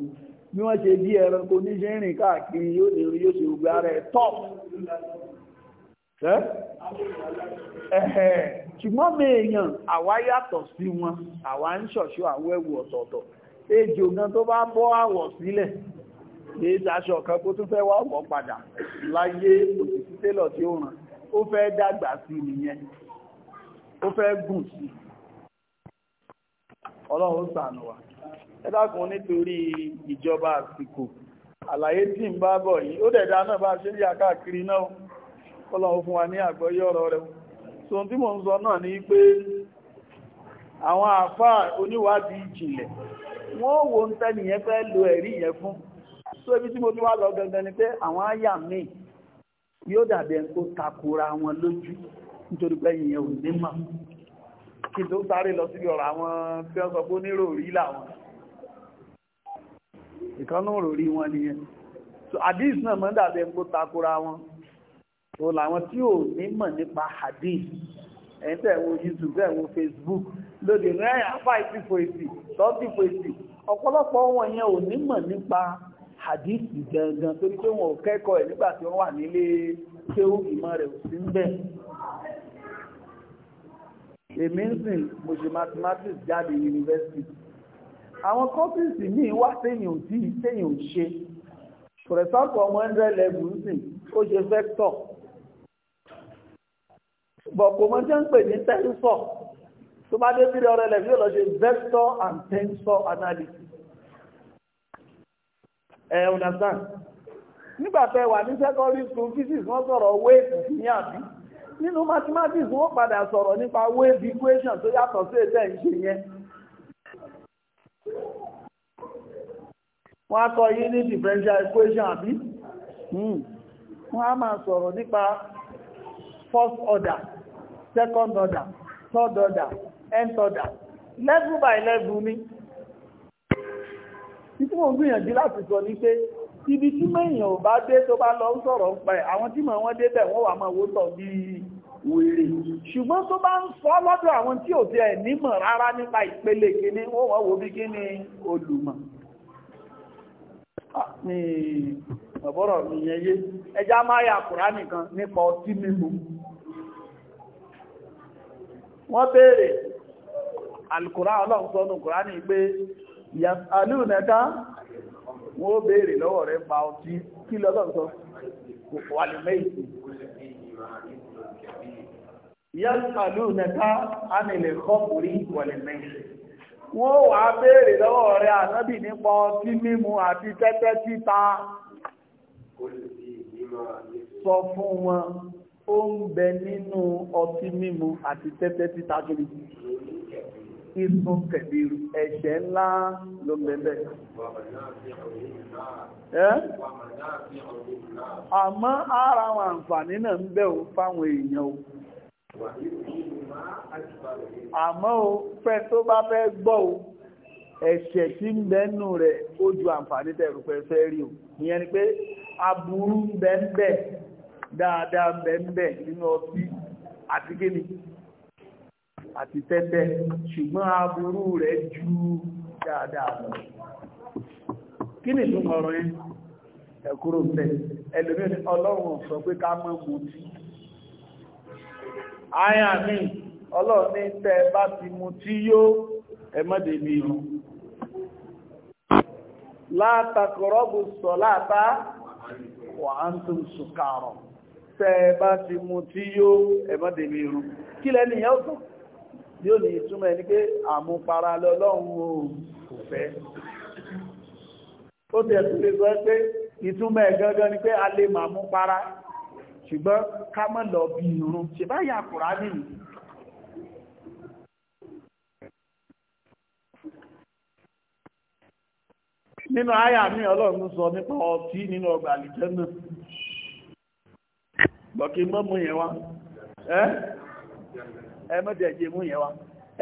bí wọ́n ṣe bí ẹranko níṣẹ́ rìn káàkiri yóò lè rí yóò ṣe gbogbo ara ẹ̀ top ṣùgbọ́n mi èèyàn àwa yàtọ̀ sí wọn àwa ń ṣọ̀ṣọ́ àwọ̀ ẹ̀wù ọ̀tọ̀ọ̀tọ̀ ejò gan tó bá bọ́ àwọ̀ sílẹ̀ èyí aṣọ kan kó tún fẹ́ wá ọ̀pọ̀ padà láyé òṣìṣẹ́ télọ̀ tí ó ràn ó fẹ́ dàgbà sí nìyẹn ó fẹ́ gùn sí ọlọ́run ṣàánú wa ẹ̀dàkùn nítorí ìjọba àsìkò àlàyé tí ń bá bọ̀ yìí ó dẹ̀dá náà bá ṣe ń yà káàkiri náà Ọlọ́run fún wa ní àgbọ́yé ọ̀rọ̀ rẹ̀ so tí mo ń sọ náà ni pé àwọn àfáà oníwádìí ìjìnlẹ̀ wọ́n wo ń tẹ́nìyẹn fẹ́ lo ẹ̀rí yẹn fún so ibi tí mo ti wá lọ gangan ni pé àwọn àyà míì yóò dàbí ẹni tó takora wọn lójú nítorí pé ìyẹn ò ní mọ̀ kí n tó sáré lọ síbi ọ̀rọ̀ àwọn tí wọ́n sọ pé onírò làwọn ìkan náà rò rí wọn nìyẹn so hadith náà mọ́ dàbẹ̀ kó takora wọn so làwọn tí ò ní mọ̀ nípa hadith ẹ̀yin tẹ̀ youtube tẹ̀ facebook lóde rẹ̀ àfà ìfìfò èsì sọ́ọ̀tì fò èsì ọ̀pọ̀lọpọ̀ wọn yẹn ò ní mọ̀ nípa hadith gangan torí pé wọn ò kẹ́kọ̀ọ́ ẹ̀ nígbà tí wọ́n wà nílé kéwù ìmọ̀ rẹ̀ ò sí ń bẹ̀ èmi ń sìn mo ṣe mathematics jáde yunifásitì àwọn kọ́fíìsì míì wá téèyàn tí téèyàn ò ṣe for example ọmọ hundred level sí ó ṣe vector bọ̀pọ̀ mọ́ jẹ́ ń pè ní tensor tó bá dé bílẹ̀ ọ̀rẹ́ level yóò lọ ṣe vector and tensor analysis ẹ̀ understand nígbà tẹ́ wà ní secondary school physics wọ́n sọ̀rọ̀ wave ní àbí nínú mathematics wọ́n padà sọ̀rọ̀ nípa wave equation tó yàtọ̀ sí ètẹ́ ìṣe yẹn wọ́n á kọ́ yí ní differential equation àbí hmm. wọ́n á máa sọ̀rọ̀ nípa first order second order third order nth order level by level ni títí mo gbìyànjú láti sọ ní pé ibi tí mẹ́yìn ò bá dé tó bá lọ sọ̀rọ̀ ń pa ẹ̀ àwọn tí mọ̀ wọ́n débẹ̀ wọ́n wà máa wó tọ̀ bíi wèrè ṣùgbọ́n tó bá ń sọ lọ́dọ̀ àwọn tí ò tiẹ̀ nímọ̀ rárá nípa ìpele kìíní wọ́n wọ́n wo bí kí ni olùmọ̀ ní ah, ọ̀bọ̀rọ̀ ìyẹn yé ẹjá máa yà kùrá nìkan nípa ọtí mímu wọ́n béèrè alìkùrá ọlọ́ǹsọ́nù kùrá ní pé alúùnẹ́ká wọ́n béèrè lọ́wọ́ rẹ̀ pa ọtí kí lọ́lọ́ǹsọ́ yẹ́sàlúùnẹ́ká ánìlẹ̀ kọ́kùrí wọ̀lẹ̀ mẹ́sẹ̀. Wọ́n wà béèrè lọ́wọ́ rẹ̀ ànábì nípa ọtí mímu àti tẹ́tẹ́ títa. Sọ fún wọn, ó ń bẹ nínú ọtí mímu àti tẹ́tẹ́ títa kiri. Ìsún kẹ̀bìrù ẹ̀ṣẹ̀ ńlá ló ń bẹ̀bẹ̀. Àmọ́ ara àwọn àǹfààní náà ń bẹ̀ fáwọn èèyàn o àmọ́ o fẹ́ tó bá fẹ́ gbọ́ o ẹ̀ṣẹ̀ tí ń bẹ́nu rẹ̀ ó ju àǹfààní tẹ̀rù pẹ̀ fẹ́ rí o ìyẹn ni pé aburú ń bẹ ń bẹ dáadáa ń bẹ ń bẹ nínú ọtí àti kíni àti tẹ́tẹ́ ṣùgbọ́n aburú rẹ̀ ju dáadáa lọ kí ni ìtumọ̀ ọ̀rọ̀ yẹn ẹ̀kúrò ń bẹ ẹlòmíràn ọlọ́run sọ pé ká má mutí àyà mi ọlọ́run ní tẹ́ bá ti mu tí yó ẹ má dé mi rùn látàkọ̀rọ́bù sọ láta wà á ń tó ṣùkàrọ̀ tẹ́ bá ti mu tí yó ẹ má dé mi rùn kí lẹ́ni yẹ́ ọ̀tọ̀ yóò ní ìtumọ̀ ẹni pé àmupara lọ́lọ́run ò fẹ́ ni pé a para ṣùgbọ́n ká mọ́ lọ bí irun ṣe bá yà kùrá nìyí nínú àyà ọtí nínú ọgbà àlìjẹ́ náà gbọ̀kí mọ́ mú yẹn wá ẹ mọ́jẹ̀jẹ̀ mú yẹn wá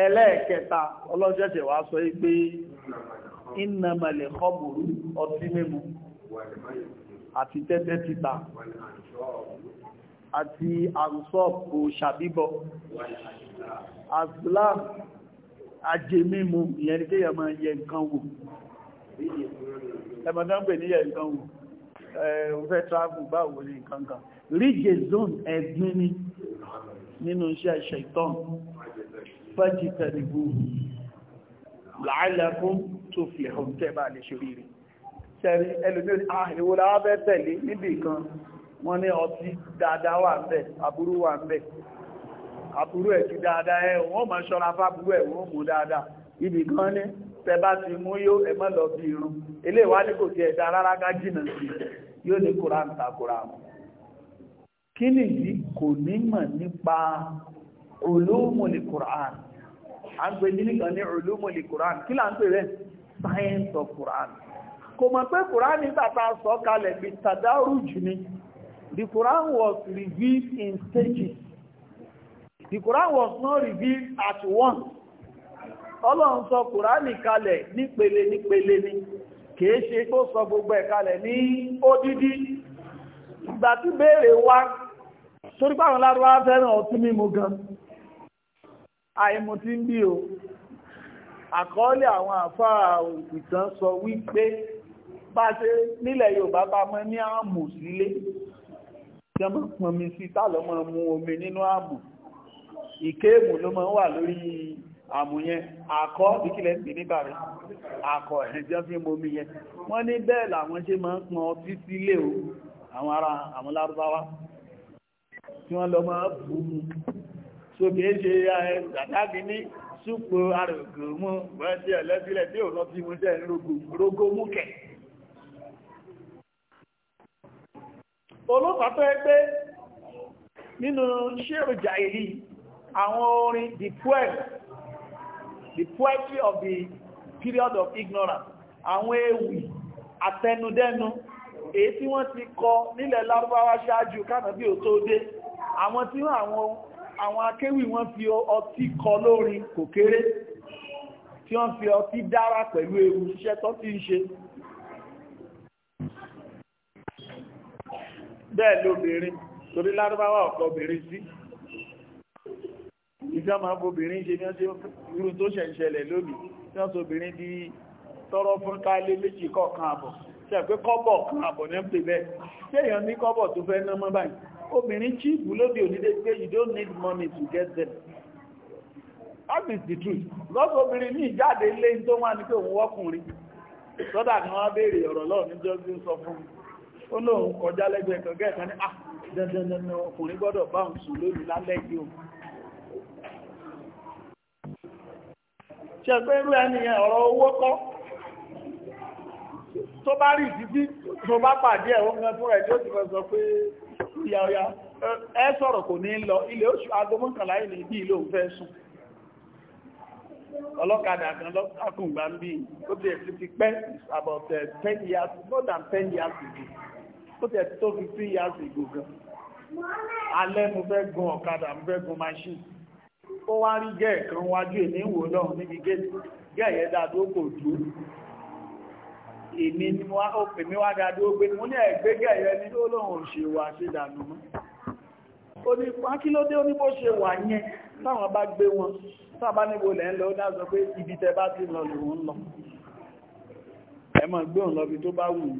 ẹlẹ́ẹ̀kẹta wá sọ kọ́bùrú ọtí mímu àti tẹ́tẹ́ títa àti àrùsọ́ọ̀pù ṣàbíbọ̀ àsìlá ajémímu ìyẹn ni kéèyàn máa yẹ nǹkan wò ẹmọ̀dán pè ní yẹ nǹkan wò ẹ̀ẹ́fẹ́ travel báwo ní nǹkan kan ríje zone ẹ̀gbin ni nínú iṣẹ́ ṣẹ̀tọ́n fẹ́jì tẹ̀lẹ̀gbù láàrẹ̀kún tó fi ẹ̀hùn tẹ́bà lè ṣe rí rí ṣẹ̀rí ẹlùmí òní àìwò ah, láwábẹ́ tẹ̀lé níbì kan wọ́n ní ọtí dáadáa wà ń bẹ̀ àbúrú wà ń bẹ̀ àbúrú ẹ̀ ti dáadáa ẹ̀ wọ́n mọ̀ ṣọ́ra fábúrú ẹ̀ wọ́n mú dáadáa ibì kan ní tẹbá ti mú yó ẹ̀mọ́ lọ bí irun ilé ìwá ní kò ti ẹ̀dá rárá ká jìnà sí yóò ní kóra ń takora kí nìyí kò ní mọ̀ nípa ulumul Qur'an à ń pè ní nìkan ní Qur'an kí là ń pè rẹ̀ science of Qur'an kò mọ̀ pé Quran tàbí sọ kalẹ̀ bí tàdárùjù ni the Quran was revealed in stages the Quran was not revealed at once ọlọ́run sọ Quran kalẹ̀ nípele nípele ni kìí ṣe tó sọ gbogbo ẹ̀ kalẹ̀ ní odidi ìgbà tí béèrè wá torí pàwọn lárúwá fẹ́ràn ọtí mímu gan Àìmùtí ń bí o àkọọ́lẹ̀ àwọn àfáà ìtàn sọ wípé bá ṣe nílẹ̀ Yorùbá bá mọ́ ní àmù sílé jẹmọ́ pọnmi sí tààlọ́ mọ́ mu omi nínú àmù ìkéèmù ló mọ́ wà lórí àmù yẹn àkọ́ ìkílẹ̀ ń pè ní bàrẹ̀ àkọ́ ẹ̀rìn jẹ́ fi mọ́ omi yẹn wọ́n ní bẹ́ẹ̀ làwọn ṣe máa ń pọn ọtí sílé o àwọn ará àwọn lárúbáwá tí wọ́n lọ máa bù mú sókè ṣe àtàbí ní súpò arògò wọ́n tí ẹ̀lẹ́sílẹ̀ tí ò lọ sí mú jẹ́ rógó mú kẹ̀ẹ́ olófàá tó yẹ pé nínú ṣéèrò jàìlì àwọn orin the poem the poetry of the period of ignorance àwọn ewì àtẹnudẹ́nu èyí tí wọ́n ti kọ nílẹ̀ lárúbáwá ṣáájú kánà bí ò tó dé àwọn tí wọ́n àwọn akéwì wọ́n fi ọtí kọ lórin kò kéré tí wọ́n fi ọtí dára pẹ̀lú ewu iṣẹ́ tó ti ń ṣe bẹ́ẹ̀ lóbìnrin torí lárúbáwá ọ̀pọ̀ obìnrin sí ìfẹ́ máa bóbìnrin ṣe ní ọjọ́ irú tó ṣẹ̀ṣẹ̀lẹ̀ lónìí tí wọ́n tó obìnrin di tọ́rọ fún káálé méjì kọ̀ọ̀kan àbọ̀ tí a pé kọ́bọ̀ kan àbọ̀ ní pè bẹ́ẹ̀ tí èèyàn ní kọ́bọ̀ tó fẹ́ ná mọ́ báyìí obìnrin chíìbù lóde òníde pé you don't need money to get them that is the truth lọ́sọ̀ obìnrin ní ìjáde lé tó wà ní pé òun wọ́kùnrin sọ́dà ni wọ́n béèrè ọ̀rọ̀ lọ́ọ̀ níjọ́ sí sọ fún mi ó lóun kọjá lẹ́gbẹ̀ẹ́ kan gẹ́ẹ̀kan ní àdẹ́dẹ́dẹ́dẹ́ ah, ọkùnrin gbọ́dọ̀ bá ń sùn lórí lálẹ́ yìí o ṣẹ̀gbẹ́ irú ẹniyàn ọ̀rọ̀ owó kọ́ tó bá rí ìdíbí tó bá pàdé ẹ̀wọ́n gan fún ẹ̀dí ó ti fẹ́ sọ pé ìyá ọya ẹ sọ̀rọ̀ kò ní lọ ilé oṣù aago mọ́kànlá ilé bí ilé òun fẹ́ sùn ọlọ́kadà kan lọ́kàkùn gbà ń bí ó ti ẹ̀ ti pẹ́ about eh, ten years more than ten years ago ó tẹ̀ tó fi tí ìyá sí ìgò gan alẹ́ mo fẹ́ gun ọ̀kadà mo fẹ́ gun machine ó wá rí gẹ́ẹ̀ kan wájú èmi wò lọ́hùn níbi gẹ́ẹ̀tì gẹ́ẹ̀yẹ́ dáadó kò dúró èmi ni wá dáadó gbé mo ní ẹ̀gbẹ́ gẹ́ẹ̀yẹ́ ní olóhùn òṣèwà ṣe dànù mọ́ ó ní pákílódé ó ní bó ṣe wà yẹn táwọn bá gbé wọn sábà níbo lẹ́ ń lọ ó dáàzọ pé ibi tẹ bá ti lọ lòun lọ ẹ̀mọ̀ gbóhùn lọ bí tó bá wù ú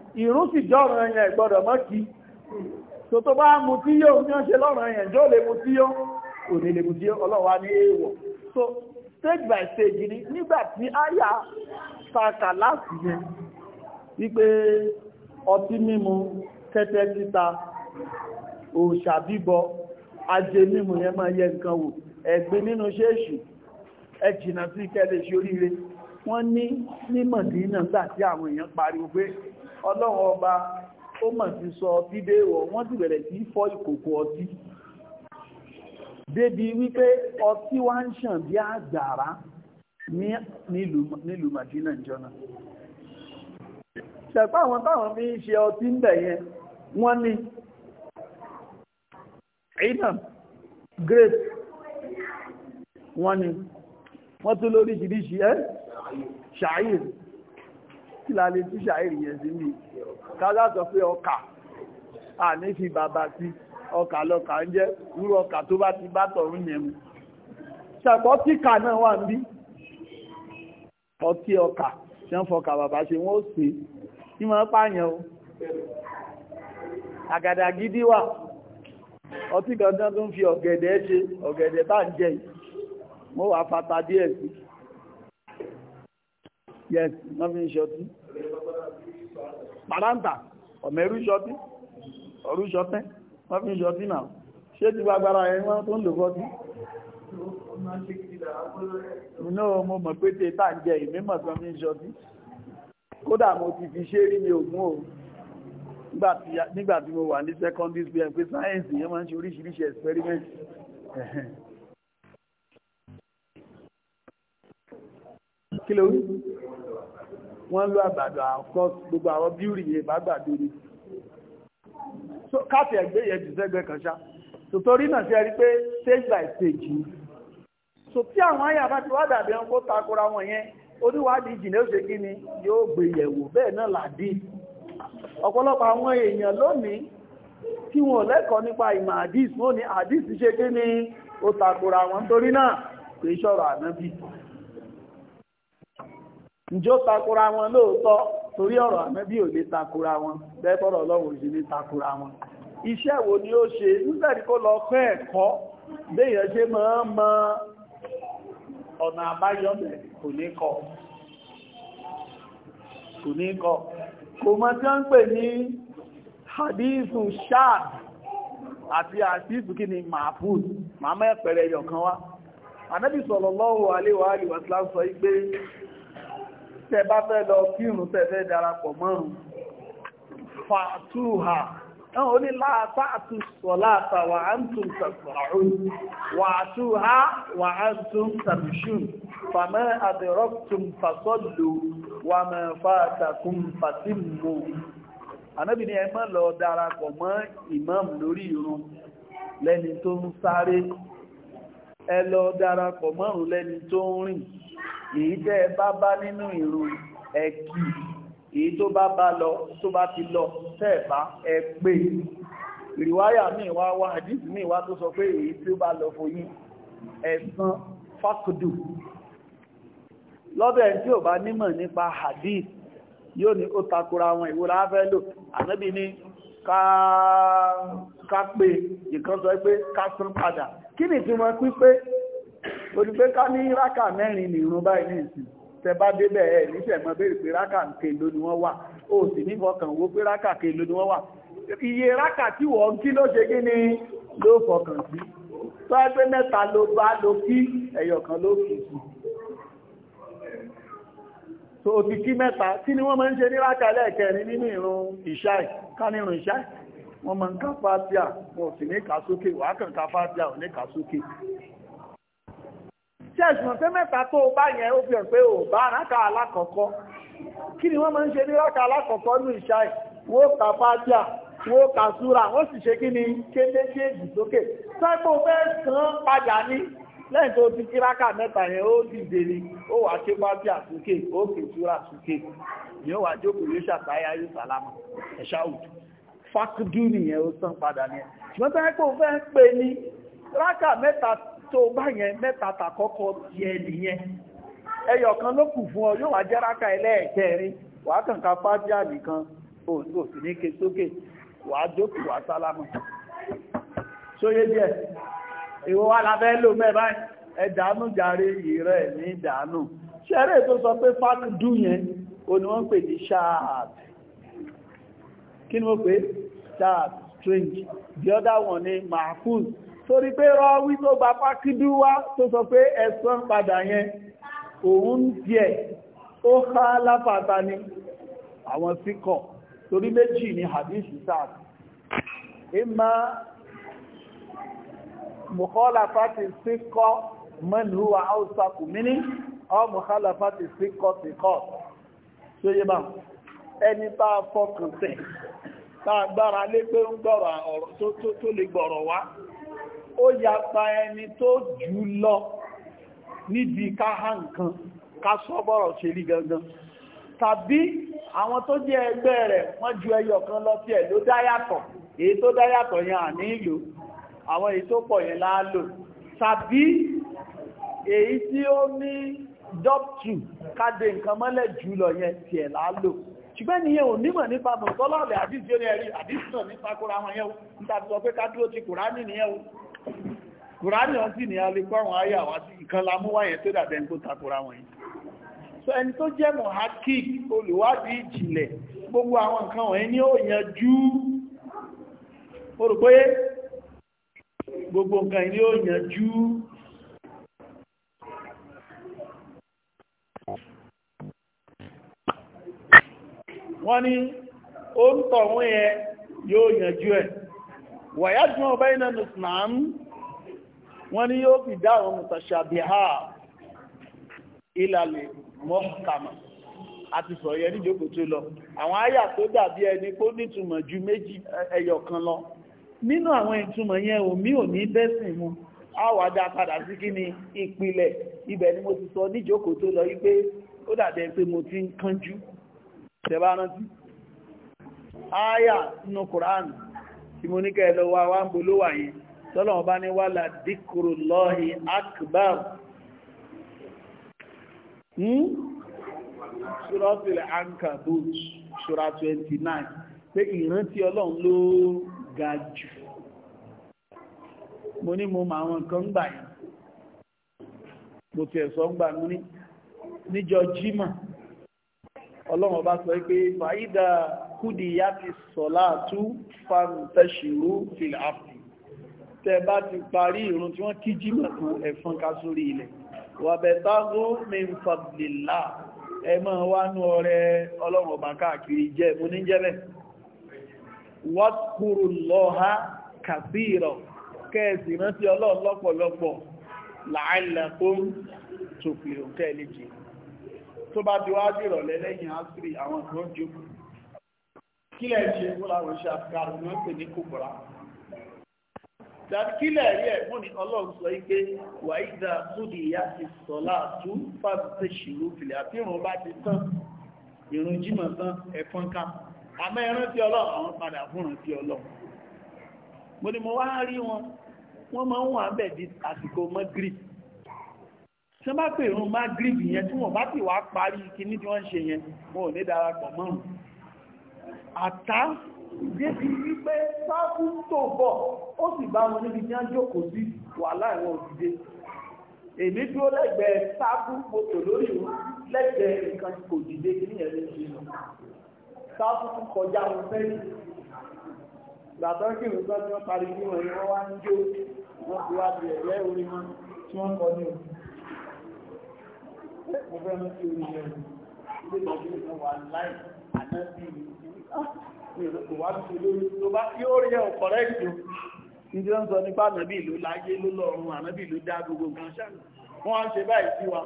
ìrun sì jọ́rọ̀ ẹ̀yẹn ìgbọ́dọ̀ mọ́ kí tó tó bá mú tí yóò ní ọ́n ṣe lọ́rọ̀ ẹ̀yẹn jọ́ lè mú tí yóò ò lè mú tí ọlọ́wà ní èèwọ̀ so stage by stage ni nígbà tí àyà sàkà láti yẹn wípé ọtí mímu tẹ́tẹ́ títa òòṣà bíbọ ajé mímu yẹn máa yẹ nǹkan wò ẹ̀gbin nínú ṣéèṣì ẹ jìnnà sí kẹ́lẹ̀ ṣoríire wọ́n ní ní Mọ̀dínà nígbà tí àwọn èèyàn pariwo pé ọlọ́run ọba ó mọ̀ sí sọ ọtí déèwọ̀ wọ́n sì bẹ̀rẹ̀ sí fọ́ ìkòkò ọtí débi wípé ọtí wá ń ṣàn bí àgbàrá nílùú Madina jọna ṣẹ̀pá àwọn táwọn fi ń ṣe ọtí ń bẹ̀ yẹn wọ́n ní ìdàn grape wọ́n ní wọ́n tún lóríṣiríṣi ẹ́ kí la lè túṣà ìrìyàn sí ní káàkà sọ pé ọkà à ní fi bàbá sí ọkà lọ́kà ń jẹ́ irú ọkà tó bá ti bá tọ̀rún yẹn mu ṣàpọ̀ tíkà náà wà ń bí ọtí ọkà tí wọ́n fọkà bàbá ṣe wọ́n ó sì ní máa pààyàn o àgàdà gidi wà ọtí gangan tó ń fi ọ̀gẹ̀dẹ̀ ṣe ọ̀gẹ̀dẹ̀ bá ń jẹ mo wà fata díẹ̀ sí i yes nothing fi ń ṣọtí pàrántà ọ̀mẹ́rú ṣọtí ọ̀rú ṣọtẹ́ wọ́n fi ń ṣọtí náà ṣé ti gbàgbára ẹ̀ wọ́n tó ń lò fọ́tí iná mo mọ̀ pé tẹ tá ń jẹ ìmímọ̀ tán fi ń ṣọtí kódà mo ti fi ṣe rí mi ògún o nígbà tí mo wà ní secondary school ẹ̀ pé yẹn máa ń ṣe oríṣiríṣi experiment kí ló rí wọ́n lọ àgbàdo àkọ́ gbogbo àwọn bíúrì yẹn bá gbàdo ni káàtì ẹ̀gbẹ́ yẹn jù sẹ́gbẹ́ kan ṣá tòtòrí náà ṣe rí pé stage by stage ni so tí àwọn àyà bá ti wá dàbí ẹranko takora wọn yẹn oníwádìí jìnnà ó ṣe kí ni yóò gbé yẹ̀wò bẹ́ẹ̀ náà làdí ọ̀pọ̀lọpọ̀ àwọn èèyàn lónìí kí wọn lẹ́kọ̀ọ́ nípa ìmọ̀ àdìs wọn ni àdìs ṣe kí ni ó takora wọn torí náà kò í ṣọ̀rọ̀ ànábì ǹjọ́ takora wọn lóòótọ́ torí ọ̀rọ̀ ànábì ò lè takora wọn bẹ́ẹ̀kọ́rọ̀ ọlọ́run sì lè takora wọn iṣẹ́ wo ni ó ṣe nígbàtí kó lọ fẹ́ ẹ̀kọ́ béèyàn ṣe máa mọ ọ̀nà àbáyọ̀mẹ̀ kò ní kọ kò ní tí ó ń pè ní hadithu shad àti hadithu kí ni mahfud màmá ẹ̀pẹ̀rẹ̀ yọ̀kan wá ànábì sallallahu alaihi wa alihi tẹ́ bá fẹ́ lọ kírun tẹ́ fẹ́ darapọ̀ mọ́rùn fàtúhà náà ó ní láàtà àtú sọ̀láàtà wà á ń tún sàfàrún wà àtúhà wà á ń tún sàfìṣún fàmẹ́ àdẹ̀rọ́tún fàsọ́lù wà mẹ́ fàtímù ànábì ni ẹ lọ darapọ̀ mọ́ ìmáàmù lórí irun lẹ́ni tó ń sáré ẹ lọ darapọ̀ mọ́rùn lẹ́ni tó ń rìn èyí tẹ́ ẹ bá bá nínú ìrun ẹ kí èyí tó bá bá lọ tó bá ti lọ tẹ́ ẹ bá ẹ pé ìrìwáyà míì wá wá àdìsí míì wá tó sọ pé èyí tí ó bá lọ fún yín ẹ̀san fákùdù lọ́bẹ̀ tí ò bá nímọ̀ nípa hadith yóò ní ó takora àwọn ìwòrán afẹ́lò ànábì ní ká pé ìkan sọ pé ká sún padà kí ni tí wọ́n pín mo ti pé ká ní rákà mẹ́rin ní irun báyìí ní ìsìn tẹ bá débẹ̀ ẹ̀ níṣẹ́ mọ́ béèrè pé rákà kèló ni wọ́n wà ó sì ní fọkàn wo pé rákà kèló ni wọ́n wà iye rákà tí wọ́n kí ló ṣe kí ni ló fọkàn sí tó ẹ pé mẹ́ta ló bá ló kí ẹyọ kan ló kì sí so òtì kí mẹ́ta kí ni wọ́n máa ń ṣe ní rákà lẹ́ẹ̀kẹrin nínú ìrun ìṣáì ká ní ìrun ìṣáì wọ́n máa ń ká fátíà wọn sì ní ká wàá kàn ká fátíà ò ní ká tí ẹ̀sùn pé mẹ́ta tó bá yẹn ó fi hàn pé ò bá rákà alákọ̀ọ́kọ́ kí ni wọ́n máa ń ṣe ní rákà alákọ̀ọ́kọ́ ní ìṣáì wọ́n kà fájà wọ́n kà súra wọ́n sì ṣe kí ni kéméjèèjì sókè sẹ́kọ̀ọ́ fẹ́ sàn padà ní lẹ́yìn tó ti kíráka mẹ́ta yẹn ó dìde ni ó wà ṣe fájà sókè ó kè súra sókè ni ó wà jókòó yóò ṣàtàyà yóò sàlámà padà ní ẹ̀ ṣùgbọ́n sẹ́kọ̀ọ́ fẹ́ pè ní rákà mẹ́ta tó bá yẹn mẹ́ta tàkọ́kọ́ yẹ nìyẹn kan ló kù fún ọ yóò wá jẹ́ráka ẹlẹ́ẹ̀kẹrin wà á kànká fájá nìkan òǹtò sí ní ké sókè wà á jókù wà sálámà sóyé díẹ̀ ìwọ wà lábẹ́ ló mẹ́bá ẹ̀dánù jàre ní ìdánù ṣẹ́rẹ́ tó sọ pé yẹn o ni wọ́n ni mo pè ṣáàt strange the other one torí pé rọ́wí tó gba pákídú wá tó sọ pé ẹ̀sán padà yẹn òun díẹ̀ ó há láfàtà ni àwọn síkọ̀ torí méjì ni hadisi sáà ìmá mùkọ́láfàtì síkọ̀ mẹ́lúwà áùsàkù mini ọ mùkọ́láfàtì síkọ̀ síkọ̀ tó yé bá ẹni bá fọkàn tẹ̀ tá agbára lé pé ń gbọ́rọ̀ ọ̀rọ̀ tó lè gbọ́rọ̀ wá ó yapa ẹni tó jù lọ níbi káhá nǹkan ká sọ́bọ̀rọ̀ ṣe rí gangan tàbí àwọn tó jẹ́ ẹgbẹ́ rẹ̀ wọ́n ju ẹyọ kan lọ tí ẹ̀ ló dáyàtọ̀ èyí tó dáyàtọ̀ yẹn àní ìlò àwọn èyí tó pọ̀ yẹn láálò tàbí èyí tí ó ní dọ́ptù káde nǹkan mọ́lẹ̀ jùlọ yẹn tí ẹ̀ láálò ṣùgbẹ́ ni yẹn ò nímọ̀ nípa mọ̀tọ́lọ́ọ̀lẹ̀ àdíṣẹ́ ẹ̀rí àdíṣẹ́ nípa kóra wọn yẹn ń tàbí sọ pé ká dúró ti Kùránì nìyẹn kùránì ọtí ni a lè kọ́ ayé àwá sí ìkan lamúwáyẹ̀ tó dàbẹ̀ ń kó takora wọn yìí so ẹni tó jẹ́ mohakik olùwádìí ìjìnlẹ̀ gbogbo àwọn nǹkan wọ̀nyí ni ó yanjú ó gbogbo nǹkan ni ó yanjú wọ́n ni ó ń tọ̀wọ́n yẹn yóò ẹ̀ wàyájú ọba iná nìsìnàn wọ́n ni yóò fi dá àwọn mùtàṣàbíhá ìlàlẹ̀ mọ́kàmà àti sọ̀yẹ́ níjókòó tó lọ àwọn àyà tó dàbí ẹni kó nítumọ̀ ju méjì ẹyọ kan lọ nínú àwọn ìtumọ̀ yẹn omi ò ní mu a padà sí kí ni ni mo ti sọ lọ wípé ó dàbí pé mo ti ń kánjú rántí àyà tí mo ní kẹ́ wa wá ń bó ló wà yìí tọ́lọ̀wọ́ bá ní wà là díkùrù lọ́hì akbar ṣúrọ́sílẹ̀ hmm? ankabut ṣúra 29 pé ìrántí ọlọ́run ló ga jù mo ní mo ma àwọn nǹkan gbà yìí mo ti ẹ̀sọ́ gbà ní níjọ jímọ̀ ọlọ́run ọba sọ pé fàídà kúdìyà ti sọ̀lá tú fàntẹ́ṣìrú fil ardi tẹ bá ti parí ìrun tí wọ́n kí jímọ̀ kan ẹ fọ́nká sórí ilẹ̀ wàbẹ̀tágó min fadlillah ẹ máa wá nú ọrẹ ọlọ́run ọba káàkiri jẹ́ mú ní jẹ́bẹ̀ wazkurullaha kathira kẹ́ẹ̀sì rántí ọlọ́run lọ́pọ̀lọpọ̀ la'allakum tuflihun kẹ́ẹ̀lẹ́jì tó bá ti wá dìrọ̀lẹ́ lẹ́yìn àṣírí àwọn kan kílẹ̀ ṣe fúláwọ̀ ṣe àfikàrù ní wọ́n pè ní kòbọ̀rá kílẹ̀ rí ẹ̀ mú ni ọlọ́run sọ ike wà ìdá múdi ìyá ti sọ̀lá tún fàbíṣẹ́ ṣìlú fìlẹ̀ àti ìrùn bá ti tán ìrùn jímọ̀ tán ẹ̀fọn ká àmọ́ ẹran tí ọlọ́run àwọn padà fúnrun tí ọlọ́run mo ni mo wá rí wọn wọ́n máa ń wà bẹ̀ di àsìkò magrib tí bá pè ìrùn magrib yẹn tí wọ́n bá ti wá parí kíní tí wọ́n ṣe yẹn wọn ò ní darapọ̀ mọ́rùn-ún àtá débi wípé sáfù tó bọ̀ ó sì bá wọn níbi ní àjókòó sí wàhálà ìwọ̀n òdìdé èmi dúró lẹ́gbẹ̀ẹ́ sáfù mọ́tò lórí lẹ́gbẹ̀ẹ́ nǹkan kò dìde kí nìyẹn lè ṣe lọ sáfù tún kọjá wọn fẹ́ẹ́ gbàtọ́ kí n sọ tí wọ́n parí bí wọn ni wọ́n wá ń jó wọ́n ti wá di ẹ̀yẹ́ orí wọn tí wọ́n kọ ní òkú mo fẹ́ mú sí orí ẹ̀rù ilé ìgbàgbé kò wá sí lórí tó bá tí ó rí ẹ̀ ọ̀pọ̀rẹ́ ìjọ ìdí wọ́n sọ nípa ànábì ló láyé ló lọ́run ànábì ló dá gbogbo nǹkan ṣáà wọ́n á ṣe báyìí sí wa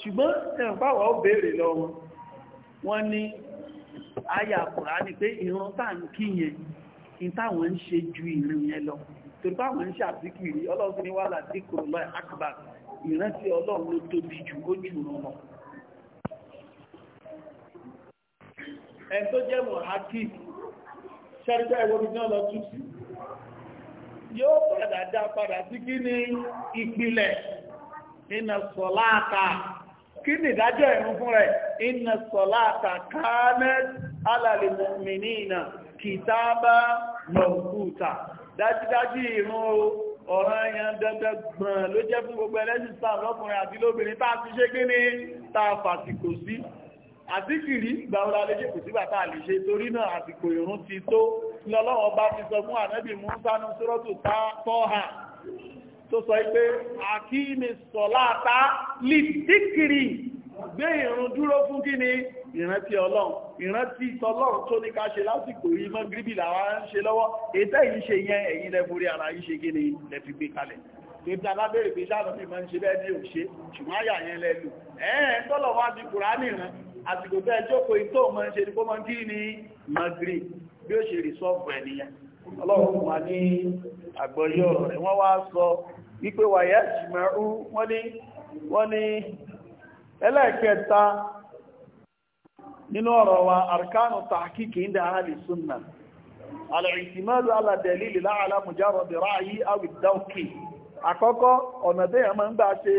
ṣùgbọ́n ẹ̀ǹpáwọ̀ ó béèrè lọ wọn wọ́n ní àyà Kùránì pé ìran tá ń kí yẹn ní táwọn ń ṣe ju ìrìn yẹn lọ torí báwọn ń ṣàtíkiri ọlọ́run lọ ẹni tó jẹ́ mọ̀hákì ṣẹ́ríkọ́ ẹwọ́ bí náà lọ tú sí yóò padà dá padà sí kí ni ìpìlẹ̀ iná sọ̀láàtà kí ni ìdájọ́ ẹ̀rùn fún rẹ̀ iná sọ̀láàtà kanat ala lil mu'minina kìtàbà mọ̀kúta dájídájí ìrún ọ̀ràn ẹ̀yàn dandan gbọ̀n ló jẹ́ fún gbogbo ẹlẹ́sìn sáà lọ́kùnrin àti lóbìnrin tá a ṣe kí ni tá fàtìkò sí àzíkìrí gbàwọ́lá léjì kò sígbà tá lè ṣe torí náà àsìkò ìrun ti tó lọ́lọ́wọ́ bá ti sọ fún ànábì Mùsá ní sọ́rọ́tù tọ́ha tó sọ pé àkíní sọ̀láta lè díkìrí gbé ìrun dúró fún kí ni ìrántí ọlọ́run ìrántí tọlọ́run tó ní ká ṣe lásìkò yìí mọ́ gíríbì làwa ń ṣe lọ́wọ́ ètẹ́ yìí ṣe yẹn ẹ̀yìn lẹ́fúrí ara yìí ṣe gíní lẹ́fi gbé kalẹ̀ tètè alábẹ́rẹ̀ pé sáà lọ́bì ń ṣe bẹ́ẹ̀ ní òṣè ṣùgbọ́n àyà yẹn lẹ́lù ẹ̀ẹ́ tọ́lọ̀ wá ní Kùránì àsìkò tẹ́ jókòó ìtò mọ́ ṣe ní mọ́ kí ní magri bí ó ṣe rí sọ́ọ̀fù ẹ̀nìyàn ọlọ́run wà ní àgbọ́yọ̀ rẹ̀ wọ́n wá sọ wípé wàyẹ́ jìmẹ̀rú wọ́n ní ẹlẹ́ẹ̀kẹta nínú ọ̀rọ̀ wa arkanu tahqiqi inda ahli sunna al ala dalil la ala mujarrad ra'yi aw ad-dawqi àkọ́kọ́ ọ̀nà tẹ́yàn máa se gbà ṣe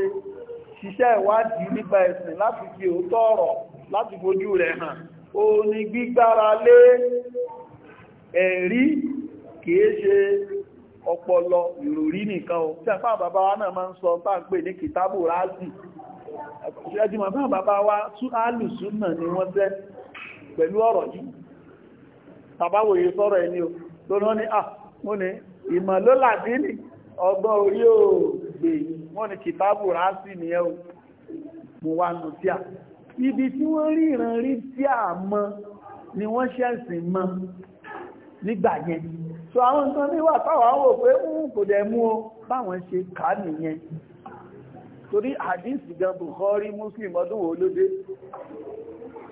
di ìwádìí nípa ẹ̀sìn lati fi òótọ́ ọ̀rọ̀ láti fojú rẹ̀ hàn ó ní gbígbára lé ẹ̀rí kìí ṣe ọpọlọ ìròrí nìkan o tí àpá bàbá wa náà máa ń sọ bá ń pè ní kìtàbù ráàzì ẹjìmọ̀ bá bàbá wa tú alùsù náà ni wọ́n jẹ́ pẹ̀lú ọ̀rọ̀ yìí tàbáwòye sọ́rọ̀ ẹni o lónà ní à wọ́n ni ìmọ̀ ló làdínì ọgbọ́n orí òògbè wọ́n ni kìtàbù ráàzì nìyẹn o mo wá nù sí à ibi tí wọ́n rí ìran rí tí a mọ ni wọ́n ṣẹ̀sìn mọ nígbà yẹn so àwọn nǹkan ní wà táwà wò pé ń hmm, kò dẹ̀ mú o báwọn ṣe kà nìyẹn torí àdíìsì gan Bukhari Muslim ọdún wo ló dé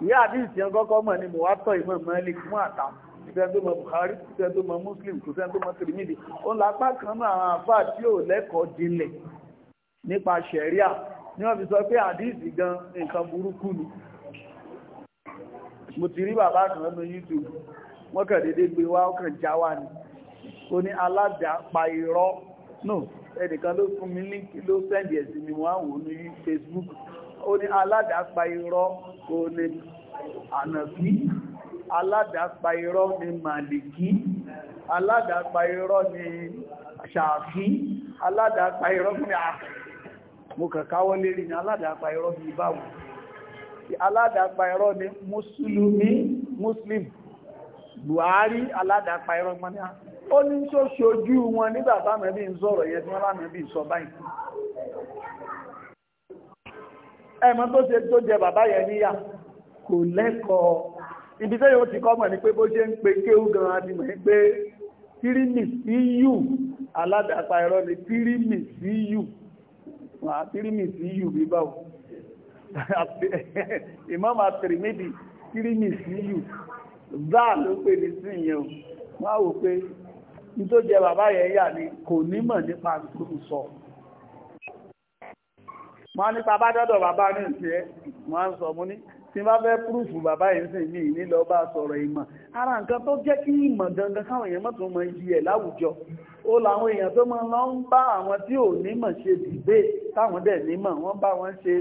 ìyá àdíìsì yẹn kọ́kọ́ mọ̀ ni mo wá tọ́ ìmọ̀ Malik fún àtà ìfẹ́ tó mọ Bukhari ìfẹ́ tó mọ Muslim kò fẹ́ tó mọ Tirmidhi òun lápá kan náà àwọn àfáà tí ò lẹ́kọ̀ọ́ dinlẹ̀ nípa ṣẹ̀ríà ní wọ́n fi sọ pé àdíìsì gan nǹkan burúkú ni mo ti rí bàbá kan lọ YouTube wọ́n kàn dédé gbé wá ọkàn já wá ni ó ní aládà pa irọ́ no ẹnìkan ló fún mi líǹkì ló sẹ́ndì ẹ̀sìn mi wọ́n àwọn ní Facebook o ní aládà pa irọ́ ó ní ànàfí aládà pa irọ́ ní màlìkí aládà pa irọ́ ní ṣàfí aládà pa irọ́ ní àfí mo kàn káwọ́ lérí ní aládàápa irọ́ bí báwo aládàápa irọ́ ni mùsùlùmí muslim buhari aládàápa irọ́ mọ́ ní a ó ní tó ṣojú wọn nígbà táwọn bí ń sọ̀rọ̀ yẹn tí wọ́n láwọn bí ń sọ báyìí ẹ̀mọ́ tó ṣe tó jẹ bàbá yẹn níyà kò lẹ́kọ̀ọ́ ibi tẹ́yìn ó ti kọ́ mọ̀ ní pé bó ṣe ń pe sí yù aládàápa irọ́ ni tírímì sí yù wọ́n àtírímì sí yù bí báwọ̀ imam àtírímìdì tírímì sí yù záà ló pè ní sí ìyẹn o wọ́n á wò pé ní tó jẹ bàbá yẹn yà ni kò nímọ̀ nípa tó sọ wọ́n nípa bá dọ́dọ̀ bàbá ní ìṣẹ́ wọ́n sọ mú ní tí bá fẹ́ púrùfù bàbá yìí sì ní ìnílọ bá sọ̀rọ̀ ìmọ̀ ara nǹkan tó jẹ́ kí ìmọ̀ gangan káwọn èèyàn mọ̀tún mọ̀ yí ẹ̀ láwùjọ ó làwọn èèyàn tó máa lọ ń bá àwọn tí ò nímọ̀ ṣe dìbè táwọn dẹ̀ nímọ̀ wọ́n bá wọn ṣe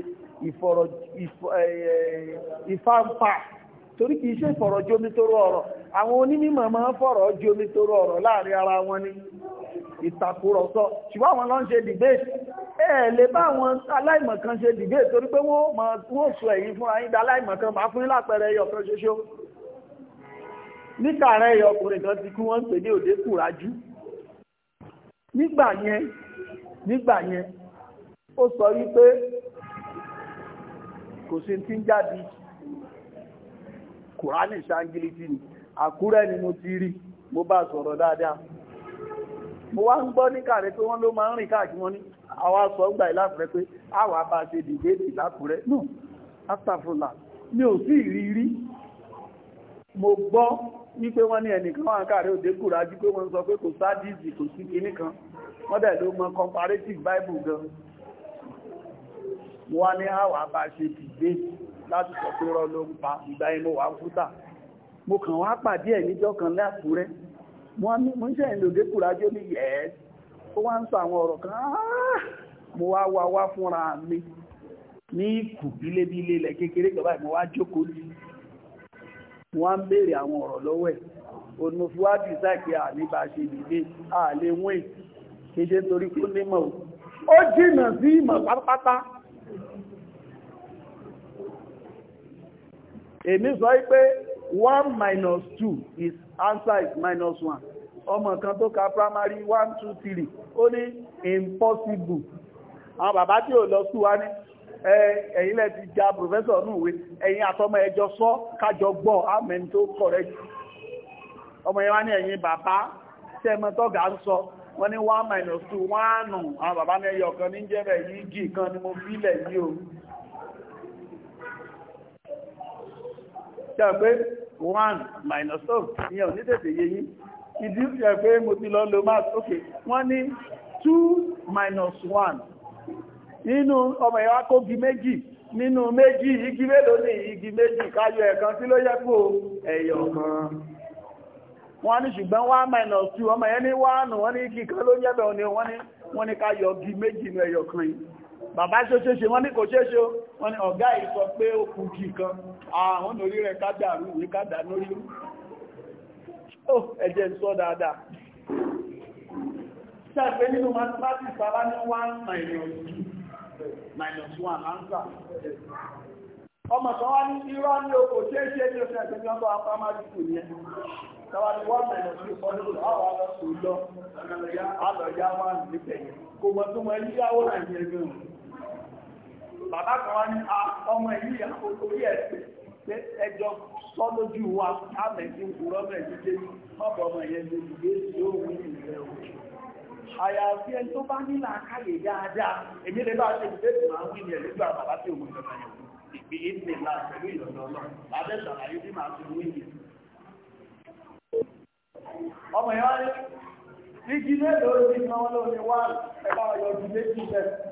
ìfọ̀rọ̀ ìfáǹfà torí kì í ṣe ìfọ̀rọ̀ jomitoro ọ̀rọ̀ àwọn onímọ̀ máa ń fọ̀rọ̀ jomitoro ọ̀rọ̀ láàrin ara wọn ni ìtàkùrọ̀sọ ṣùgbọ́n àwọn ló ń ṣe debate ẹ lè bá àwọn aláìmọ̀kan ṣe debate torí pé wọ́n mọ̀ wọ́n sọ ẹ̀yìn fúnra yín aláìmọ̀kan bá fún lápẹẹrẹ ẹyọ kan ṣoṣo níta rẹ ẹyọ ọkùnrin kan ti kú wọ́n ń pè ní òde kùrájú nígbà yẹn nígbà yẹn ó sọ wípé kò sí tí ń jáde kùránì ṣáńgílítì ni àkúrẹ́ ni mo ti rí mo bá sọ̀rọ̀ dáadáa mo wá ń gbọ́ ní kàrẹ́ pé wọ́n ló máa ń rìn káàkiri wọn ní àwa sọ gbà ìlàpùrẹ́ pé àwa bá ṣe dìbéètì lápùrẹ́ no astafrola ni ò sí riri mo gbọ́ wípé wọ́n ní ẹnìkan wọn kàrẹ́ òde pé wọ́n sọ pé kò sádìsì kò sí kan wọ́n dẹ̀ ló mọ comparative bible gan mo wá ní ṣe láti sọ pé rọ́ ló ń pa ìgbà wà fúta mo kan wọ́n ní mo ń ṣe ìlòdé kùrájó ní yẹ́ ó wá ń sọ àwọn ọ̀rọ̀ kan mo wá wá wá fúnra mi ní ìkù ilé bí ilé ilẹ̀ kékeré gbọ́dọ̀ mo wá jókòó sí mo wá ń béèrè àwọn ọ̀rọ̀ lọ́wọ́ ẹ̀ onufuwadi sáàkì àníbà ṣe dìde ààlè wọ́n kéṣe torí kó nímọ̀ ó jìnà sí ìmọ̀ pátápátá èmi sọ pé one minus two is answer is minus one ọmọ kan tó ka primary one two three ó ní impossible àwọn bàbá tí ò lọ sí wa ní ẹ̀yin lẹ́ ti ja professor nù wé ẹ̀yin àtọmọ ẹjọ sọ kájọ gbọ́ amen tó correct ọmọ yẹn wá ní ẹ̀yin bàbá tẹ́mọ tọ́gà ń sọ wọ́n ní one minus two one nù àwọn bàbá ní ẹyọ kan ní jẹ́rẹ̀ yìí jì kan ni mo fílẹ̀ yìí o. ṣe pé one minus two ìyẹn ò ní tètè yé yín ìdí pé mo ti lọ lo math ok wọ́n ní two minus one nínú ọmọ ìyá kó gi méjì nínú méjì igi mélòó ní igi méjì káyọ ẹ̀kan tí ló yẹ kó ẹyọ kan ní ṣùgbọ́n one minus two ọmọ ìyẹn ní one wọ́n ní igi kan ló yẹ ni wọ́n ní káyọ igi méjì ní kan yìí bàbá ṣe ṣe ṣe wọ́n ní kò wọ́n ọ̀gá pé ó kan àwọn orí rẹ̀ kádà rú ìwé kádà lórí ẹ̀jẹ̀ sọ dáadáa ṣàgbé nínú mathematics ní 1 1 ọmọ wá ní irọ́ ní o kò ní oṣù ẹ̀sẹ̀ ní ọkọ̀ ní wọ́n bàbá kan wá ní ọmọ yìí orí ẹ̀sìn pé ẹjọ́ sọ lójú wa ámẹ̀sí ìkúrọ́ mẹ́rin jẹ́ mọ́bọ̀ ọmọ yẹn lè dìde sí òun ìrẹ̀ òun àyàfi ẹni tó bá nílà káyè dáadáa èmi lè bá ṣe ìdílé tó máa ń wí ní ẹ̀lú gbà bàbá tí òun ìjọba yẹn ìpè ìdílé ńlá pẹ̀lú ìyọ̀dọ̀ ọlọ́run lábẹ́ ṣàlàyé bí màá fi wí yìí. ọmọ yẹn wá ní igi mélòó ní ẹ̀ka ọ̀yọ́ ọdún méjì bẹ́ẹ̀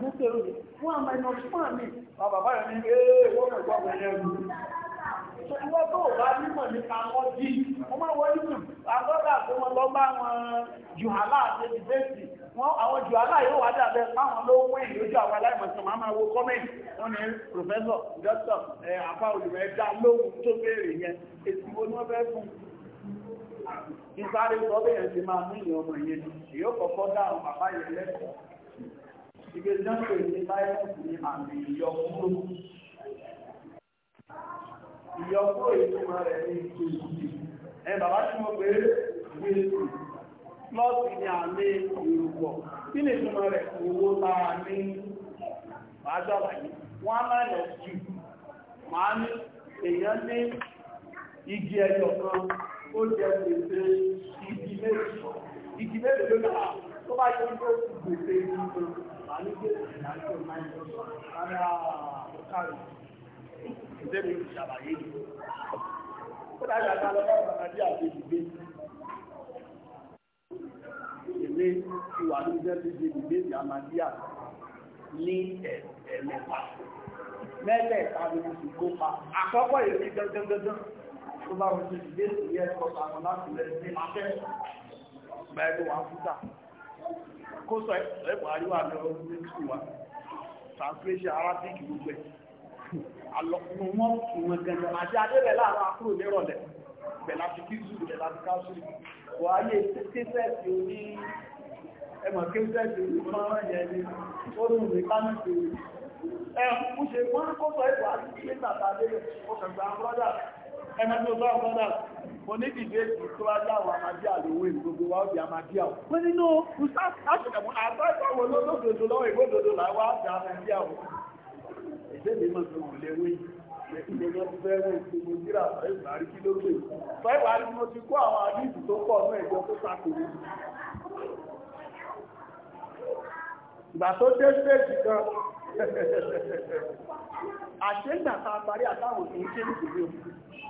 fún tèrò fún àmà ìmọ̀ fún àmì bàbá rẹ̀ ní ewé ọ̀pọ̀ ẹ̀yẹ̀rù ṣùgbọ́n tó bá nímọ̀ ní àwọn jí wọ́n máa wọ́n nínú àgọ́dà tó wọ́n lọ bá wọn jùhálà àti bẹ́ẹ̀sì wọ́n àwọn jùhálà yóò wájà bẹ́ fáwọn ló wọ́n èyí lójú àwọn aláìmọ̀sán máa máa wo kọ́mẹ̀ntì wọ́n ní pòfẹ́sọ̀ dókítọ̀ àfa olùwẹ̀ dá lóhun tó béèrè yẹn èsì wo ni wọ́n fẹ́ fún ìsáré sọ bẹ́ẹ̀ ti máa mú ìyẹn ọmọ yẹn èyí ó kọ́kọ́ bàbá yẹn lẹ́kọ̀ọ́ ìgbé jọ́pọ̀ ní báyọ̀sì ní àmì ìyọkúrò ìyọkúrò ìtumọ̀ rẹ̀ ní ìtòsí ẹ bàbá tí mo pé gbèsè plọ́ọ̀sì ní àmì ìrùpọ̀ kí ni ìtumọ̀ rẹ̀ owó tára ní àjọ́bàyí wọ́n máa lọ sí máa ní èèyàn ní igi ẹyọ kan ó jẹ pèsè igi méjì igi méjì ló dáa tó bá yóò tó gbèsè ìgbèsè Èlé ti wà ní ìjẹ́ ti ṣe ìgbé ìyá Màdíà ní ẹ̀mẹ́ta. Mẹ́lẹ̀ta ni mo sì kópa. Àkọ́kọ́ èlé gẹ́gẹ́gẹ́gẹ́ tó bá wọ́n ti ìgbé ìyẹ́ ẹ̀kọ́ àwọn láti lẹ́sí máa fẹ́. Bẹ́ẹ̀ ló wà fúta kó sọ ẹ̀pọ̀ àríwá lọ sí wa translation arabic gbogbo ẹ̀ àlọ́kùnrin wọn kì wọn gẹ̀ẹ́gẹ̀ àti adébẹ̀ láàárọ̀ àkúrò nírọ̀lẹ́ bẹ̀lá ti kí zulu bẹ̀lá ti ká sùn wọ́n ayé kéfẹ́ẹ̀sì oní ẹmọ̀ kéfẹ́ẹ̀sì oní fọ́nrán yẹn ni ó dùn ní kánìkì ẹ̀ ń ṣe wọ́n kó sọ ẹ̀pọ̀ àti ẹ̀mẹ́ tó bá ọ̀pọ̀dà kò ní dìde èsì tó wá láwọn amadíà lówó ìgbogbo wa ọ̀bì amadíà o. wọ́n nínú àṣẹ̀kẹ̀mọ́ àtàkọ̀wò lọ́dọ̀dọ̀dọ̀ lọ́wọ́ ìgbódòdó làwọn àjà amadíà o. ìdébí mọ̀ tó wù léwé ìgbẹ́jọ́ ti fẹ́ wọ́n ìgbogbo síra fẹ́ẹ̀wà rí kí ló pè. fẹ́ẹ̀wà rí mo ti kó àwọn àdìsí tó pọ̀ ní ẹ̀jọ́ tó sàkóso. ìgbà tó dé stéèjì kan <laughs> àṣẹ́gbà ta parí àtàwọn òṣèré ṣe ń kìí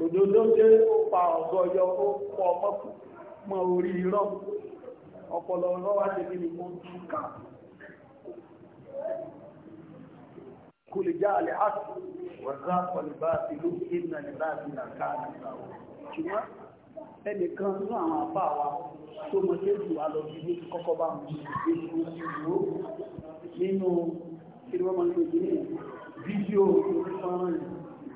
lòdòdó jẹ́ ó pa ọ̀gọ́yọ ó pọ̀ mọ́kù mọ́ orí irọ́ ọpọlọ ọ̀rọ̀ wá ṣe kí ni mo tún ká kò lè já alẹ́ àti wàzá pọ̀lìbá ìlú ìnà nígbà tí nà ká nígbà ó ṣùgbọ́n ẹnìkan ní àwọn apá wa tó mọ sí ètò àlọ́ bí ti kọ́kọ́ bá mú ètò ìwò nínú kí ni wọ́n máa ń lò ní fídíò orí fọ́nrán yìí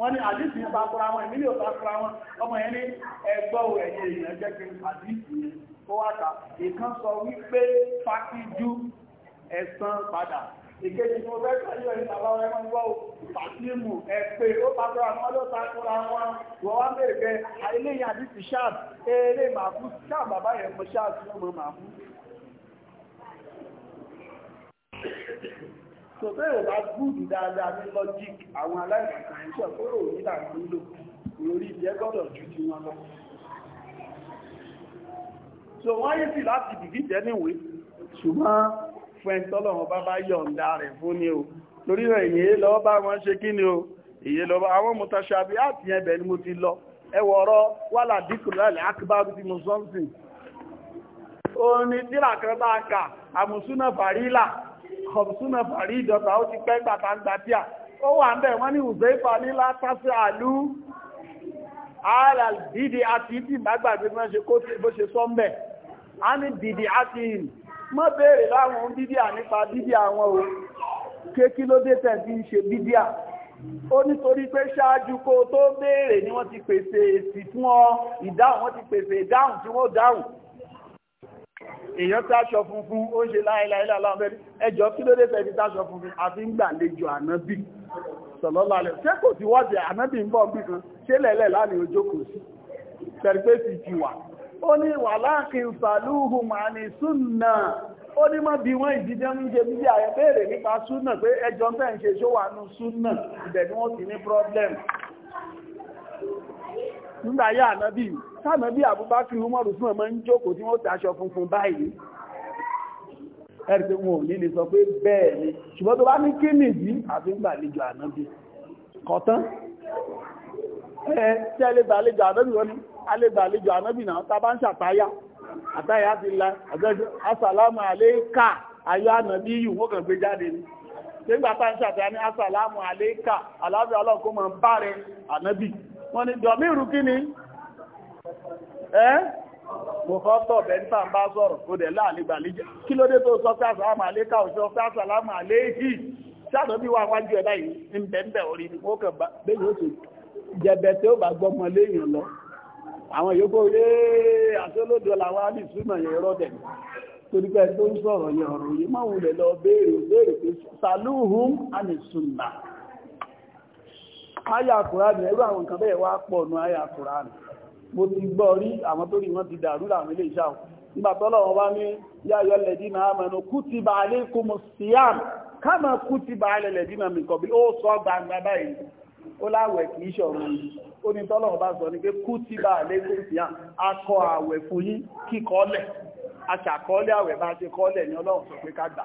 wọ́n ní àdísì yẹn takura wọn ìmílẹ̀ òtakura wọn ọmọ yẹn ní ẹgbọ́ ẹ̀yẹ èèyàn jẹ́ kí n àdísì yẹn tó wá kà ìkan sọ wípé fákíjú ẹ̀san padà ìkejì ni mo fẹ́ kọ́ yọ ìtàbá ọ̀rẹ́ wọn gbọ́ fàtíìmù ẹ̀pẹ́ ó takura wọn ló takura wọn wọ́n wá bèrè pé eléyìí àdísì ṣáàb eré màkú ṣáàb bàbá yẹn mo ṣáàb tí mo màkú so bẹ́ẹ̀ bá gúùdù dáadáa ní logic àwọn aláìsàn ẹ̀ṣẹ̀ fóró nígbà nílò lórí ìjẹ́ gbọ́dọ̀ ju ti wọn lọ so wọ́n yé sí láti dìbí jẹ́ níwé ṣùgbọ́n fẹ́ntọ́lọ̀wọ́ bá bá yọ̀ǹda rẹ̀ fún ní o torí rẹ̀ èyí lọ bá wọn o èyí lọ bá àwọn mọ̀tàṣàbí àti ẹbẹ̀ ni mo ti lọ ẹwọ̀rọ̀ wà ládìkùnlẹ̀ akíbárú ti mọ̀ sọ́nsìn orin dílà kan bá ń kà àmùsúnà fàrílà kọ̀bùsúnà fàrí ìdọ̀ta ó ti pẹ́ gbàtàǹgbà tí à ó wà ń bẹ̀ wọ́n ní ìwùsẹ̀ ìfà ní látàsí àlú àlàdìdì àti ìdí ìbágbàgbé mọ́ ṣe kó tí bó ṣe sọ mẹ́ a ní dìdì àti ìrìn mọ́ béèrè láwọn dídí à nípa dídí àwọn o kékí ló dé tẹ̀ ń ṣe dídí à ó nítorí pé ṣáájú kó tó béèrè ni wọ́n ti pèsè èsì fún ọ ìdáhùn wọ́n ti pèsè ìdáhùn tí wọ́n dáhùn èèyàn táṣọ funfun ó ṣe láìláìlá lábẹ́rí ẹjọ́ kí ló dé fẹ́ẹ̀dí táṣọ funfun àfi ń gbàlejò ànábì sọ̀lọ́lá rẹ̀ ṣé kò sí wọ́dẹ̀ ànábì ń bọ̀ bí kan ṣé lẹ́lẹ̀ lánìí ojó kò sí tẹ̀rẹ̀pẹ́sì ti wà ó ní wà láàkín sàlúhù máa ní súnà ó ní má bí wọ́n ìdíjẹ́ ń ṣe bíbí àyẹ́ béèrè nípa súnà pé ẹjọ́ ń bẹ́ẹ̀ ń ṣe ṣó wà nú súnà ibẹ̀ ni wọ́n ti ní nígbà yá ànábì sáànábì àbúbákìrì umaru fún ọmọ ń jókòó tí wọ́n ti aṣọ funfun báyìí ẹ̀rẹ̀ wọn ò ní lè sọ pé bẹ́ẹ̀ ni ṣùgbọ́n tó bá ní kí nìdí àti ń gbàlejò ànábì kọ̀tán ẹ̀ tí a lè gbàlejò ànábì wọn a lè gbàlejò tá bá ń ṣàtáyà àtáyà ti la àgbẹ̀jọ́ asàlámù àléékà ayọ́ ànábì yìí wọ́n kàn gbé jáde ni nígbà tá ń ṣàtáyà ní asàlámù àléékà aláàbẹ̀ ọlọ́kùnmọ̀ bá rẹ̀ ànábì wọ́n ni dọ̀míru kí ni ẹ́ mọ̀fọ́tọ̀ bẹ̀ntà ń bá sọ̀rọ̀ kó dẹ̀ láàrígbàlejò kí ló dé tó sọ pé àsàlámù àlékà òṣọ́ pé àsàlámù àléhì sáàdọ̀ bí wà wájú ẹ̀dá yìí ń bẹ̀ẹ̀bẹ̀ orí ni ó kàn bá bẹ́ẹ̀ yóò ṣe jẹ̀bẹ̀ tí ó bá gbọ́mọ léèyàn tó ń sọ̀rọ̀ yẹn ọ̀rọ̀ yìí máa wulẹ̀ lọ béèrè béèrè pé sàlúhùn àmì sùnnà àyà kùránì ẹrú àwọn nǹkan bẹ́ẹ̀ wá pọ̀ kùránì mo ti gbọ́ rí àwọn tó rí wọn ti dàrú làwọn ilé iṣẹ́ àwọn nígbà tọ́lọ̀ wọn bá ní yáyọ lẹ́dí náà mẹ́nu kútìbà alaykumu siyam káàmà mi kọ̀ bí ó sọ gbangba báyìí ó láwẹ̀ kì í ṣọ̀rọ̀ yìí ó ní tọ́lọ̀ bá sọ ní pé akọ àwẹ̀ fún yín kíkọ́lẹ̀ àwẹ̀ bá ṣe kọ́lẹ̀ ọlọ́run sọ pé ká gbà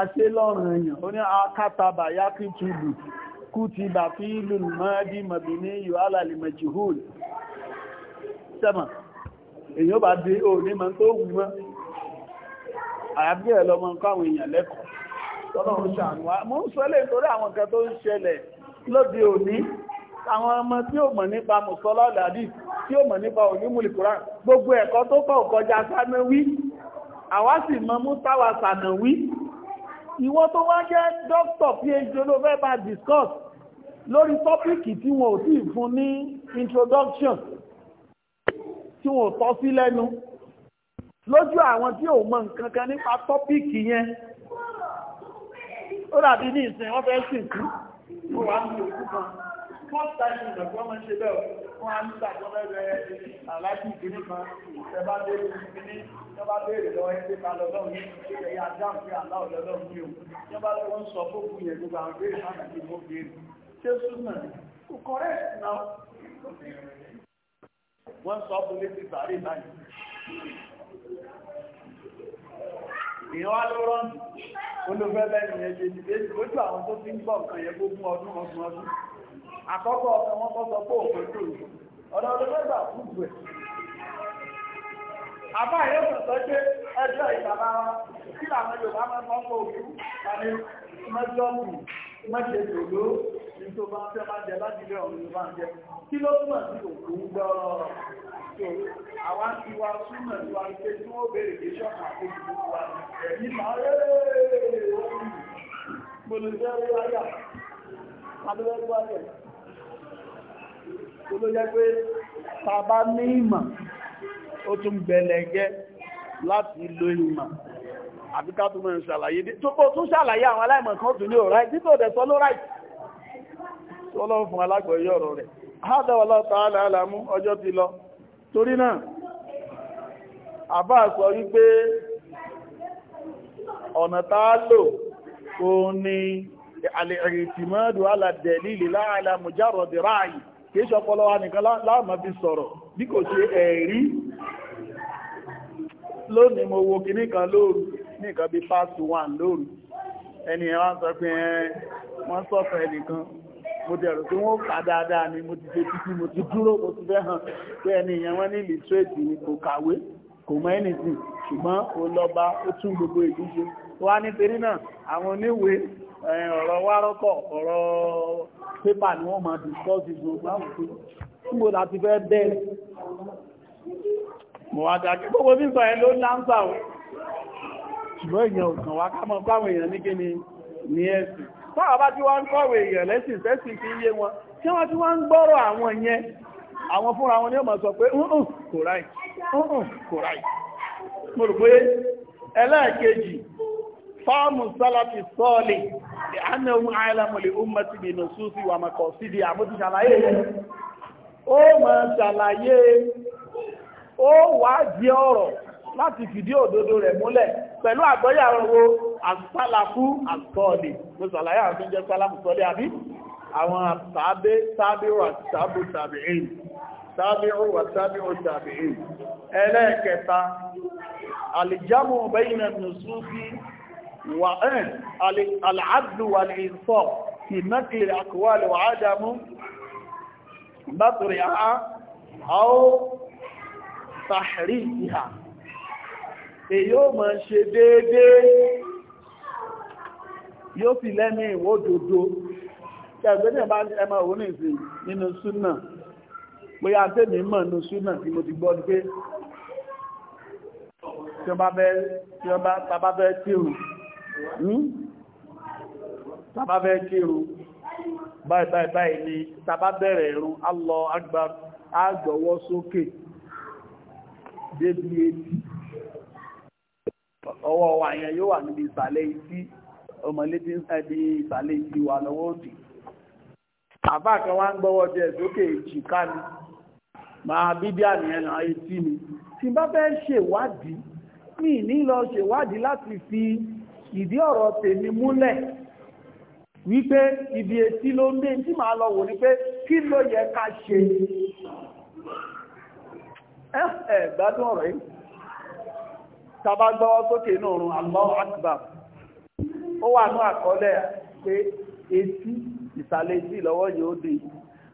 aṣe lọ́rùn èèyàn ó ní akátaba yákí túbù kú ti bà fi ìlú mọ́dí mọ̀bí ní yóò alàlì mẹ̀jìhúl sẹ́mọ̀ èèyàn bá dé ò ní mọ́ tó wù mọ́ àyàbí ẹ̀ lọ́mọ nǹkan àwọn èèyàn lẹ́kọ̀ọ́ tọ́lọ́run ṣàánúwá mọ́ ń sọ́lẹ̀ torí àwọn nǹkan tó ń ṣẹlẹ̀ lóde òní àwọn ọmọ tí ó mọ̀ ìwọ tó wá jẹ́ dókítà phd ló fẹ́ bá discuss lórí tọ́pìkì tí wọn ò tíì fún ní introduction tí wọn ò tọ́ sí lẹ́nu lójú àwọn tí ò mọ nǹkan kan nípa tọ́pìkì yẹn ó dàbí ní ìsìn wọ́n fẹ́ sìnkú ó wà ní òkú kan first time eh, ní ìgbàgbọ́ máa ń ṣe bẹ́ẹ̀ fún àmìgbà tó bẹ́ẹ̀ aláàjì ìgbìmí kan ìṣẹ̀bá béèrè ìgbìmí tó bá béèrè lọ ẹgbẹ́ ta lọ́lọ́run ní ìṣẹ̀lẹ̀ yà dáhùn pé àlá ọ̀lọ́lọ́run ní o tó bá lọ́wọ́ ń sọ fókù yẹn gbogbo àwọn béèrè máa nàbí mọ́ béèrè ṣé súnmọ̀ kò correct now wọ́n sọ fún létí sàárè báyìí èèyàn wá ló rọ́ǹdì olùfẹ́ bẹ́ẹ̀ nìyẹn ṣe ti dé àwọn tó ti ń gbọ́ nǹkan yẹn gbógún ọdún ọdún ọdún àkọ́kọ́ ọ̀sẹ̀ wọn kọ́ sọ pé òkè tó yìí ọ̀dọ̀ ọdún mẹ́ta kú bù ẹ̀. àbá yóò sọ sọ pé ẹjọ́ ìjàmbá wa kí làwọn Yorùbá máa ń kọ́ òkú àní mẹ́jọ́ọ̀kù mẹ́jẹ tòló ní tó bá ń fẹ́ máa jẹ láti ilé ọ̀run ló bá ń jẹ kí ló túmọ̀ sí òkú gbọ́ọ̀rọ̀ tó àwa ti wá súnmọ̀ sí wa pé tí wọ́n béèrè pé ṣọ́ọ̀kù àkókò tó wà ẹ̀mí máa rẹ́ẹ̀ẹ́ ló jẹ́ pé tàbá ní ìmọ̀ ó tún láti lo ìmà àti ká tún ṣàlàyé dé tó tún ṣàlàyé àwọn aláìmọ̀ kan tún ní òráì títò dẹ̀ sọ fún ọ̀rọ̀ rẹ̀ sọ òun ni àlè ìrìtìmọ́dù aládẹ̀lì láàlá mùjárọ̀dì ráàyì kìí ṣọpọlọ wa nìkan láàmà fi sọ̀rọ̀ bí kò ṣe ẹ̀rí lónìí mo wo kìíní kan lóòrù ní nǹkan bí past one lóòrù ẹni ẹ̀wọ́n sọ pé wọ́n sọ̀fẹ́ nìkan mo dẹ̀rù tí wọ́n kà dáadáa ni mo ti ṣe títí mo ti dúró mo ti fẹ́ hàn pé ẹni ìyẹn wọ́n ní literate ni kò kàwé kò mọ anything ṣùgbọ́n ó lọ́ba ó tún gbogbo ìlú ṣe wá nítorí náà àwọn oníwèé ọ̀rọ̀ wárọ́kọ̀ ọ̀rọ̀ pépà ni wọ́n máa discuss gbogbo àwọn òkú níbo láti fẹ́ bẹ́ẹ̀ mọ̀ wá dákẹ́ gbogbo sísọ ẹ ló láńsà o ṣùgbọ́n èèyàn òkàn wá ká mọ́ fáwọn èèyàn ní kíni ní ẹ̀sìn táwà bá tí wọ́n ń kọ̀wé èèyàn lẹ́sìn sẹ́sìn fi yé wọn tí wọ́n tí wọ́n ń gbọ́rọ̀ àwọn yẹn àwọn fúnra wọn ni ó máa sọ pé ǹǹ kò ráì ǹǹ kò ráì mo rò pé ẹlẹ́ẹ̀kejì fọ́ọ̀mù sálàfì sọ́ọ̀lì àmì ohun àìlàmọ̀lẹ̀ ọmọ ti bèèrè sóòsì wà mọ̀kọ̀ sídi àmójú ṣàlàyé ó máa ṣàlàyé ó wá jẹ́ ọ̀rọ̀ láti fìdí òdodo rẹ̀ múlẹ̀ pẹ̀lú àgbọ́yàwó àsálàfú àsọ́ọ̀lì ló ṣàlàyé àwọn tó ń jẹ́ sálàfù sọ́ọ̀lì àbí àwọn àtàbé tábírò àti tábò tàbíìn tábírò wà tábírò tàbíìn ẹlẹ́ẹ̀kẹta àlìjámù bẹ́yìn nùsùn sí وأن العدل والإنصاف في نقل الأقوال وعدم بطرها أو تحريفها èyí ó máa ṣe déédéé yóò fi lẹ́ni ìwódòdó ṣẹ̀gbẹ́ni ẹmà òun ní ìsìn nínú súnà bóyá tèmi mọ̀ nínú súnà tí mo ti gbọ́ ní pé tí wọ́n bá bẹ́ẹ̀ tí wọ́n bá bẹ́ẹ̀ tí òun Hmm? tàbá fẹ́ kírun báyìí báyìí báyìí ni tàbá bẹ̀rẹ̀ ìrun Allah Akbar agbọ̀wọ́ sókè débi etí ọwọ́ wa yẹn yóò wà níbi ìsàlẹ̀ etí ọmọlétí ẹbí ìsàlẹ̀ etí wà lọ́wọ́ òdì àbá kan wá ń gbọ́wọ́ jẹ́ sókè ìjìká ni máa bíbí àníyàn náà ni tí bá fẹ́ ṣèwádìí mi ní lọ ṣèwádìí láti fi ìdí ọ̀rọ̀ tèmi múlẹ̀ wípé ibi etí ló ń dé tí lọ wò ní pé kí ló yẹ ká ṣe ẹ̀ ọ̀rọ̀ yìí ó wà ní àkọọ́lẹ̀ pé ìsàlẹ̀ lọ́wọ́ yóò dé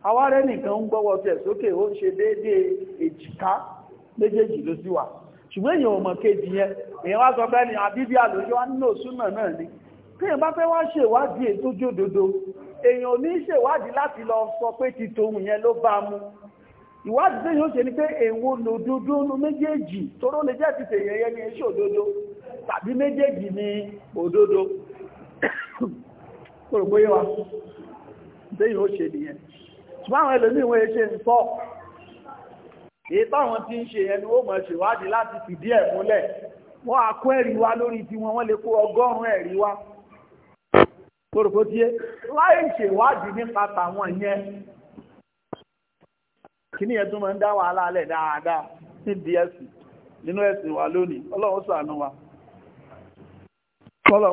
awárẹ́ nìkan ń gbọ́wọ́ tẹ̀ sókè ó ń ṣe déédéé èjìká méjèèjì ṣùgbọ́n èèyàn ọmọ kejì yẹn èèyàn wá sọ bẹ́ẹ̀ ni àbíbí àlòyé wá nínú òsúnà náà ni kí èèyàn bá fẹ́ wá ṣèwádìí ètò jódodo èèyàn ò ní ṣèwádìí láti lọ sọ pé ti tòun yẹn ló bá mu ìwádìí tí yóò ṣe ni pé èwo lòdodo nu méjèèjì tóró lè jẹ́ ti tèèyàn yẹn ni èṣò dodo tàbí méjèèjì ni òdodo kòrògbóyé wa tí yóò ṣe nìyẹn ṣùgbọ́n àwọn ẹlòmíì wọ́n ṣe ń sọ èyí táwọn ń ṣe ẹni ó mọ̀ ṣèwádìí láti fìdí ẹ̀ múlẹ̀ wọ́n á kó ẹ̀rí wá lórí tiwọn wọ́n lè kó ọgọ́rùn-ún ẹ̀rí láì ṣèwádìí nípa tàwọn yẹn máa ń dá wàhálà lẹ̀ dáadáa nínú ẹ̀sìn wa lónìí ọlọ́run wa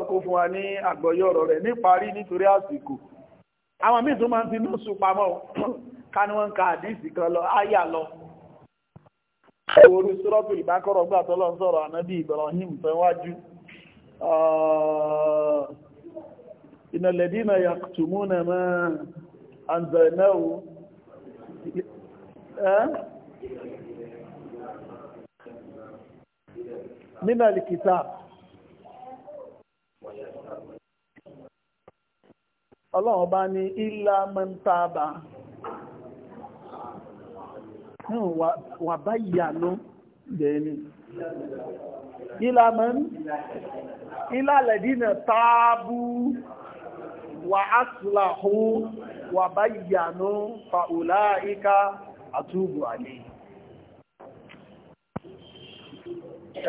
fún wa ní rẹ̀ níparí nítorí àsìkò àwọn míì tó máa ń pamọ́ wọn ka kan lọ áyà lọ orí sọ́rọ́pù ìbákọ́rọ̀ gbà tọ́lọ́ sọ̀rọ̀ ànábì Ibrahim tẹ́wájú ìnàlẹ̀dínà yàtùmúnà máa àǹzẹ̀náwó nínà lìkìtà ọlọ́run bá ní ìlà mẹ́ntàbà wà bá ìyànú bẹ̀ẹ̀ni ìlàmọ́n ìlàlẹ̀dínà tààbù wà áṣìláhù wà bá ìyànú fàúlá ìka àtúbù àlè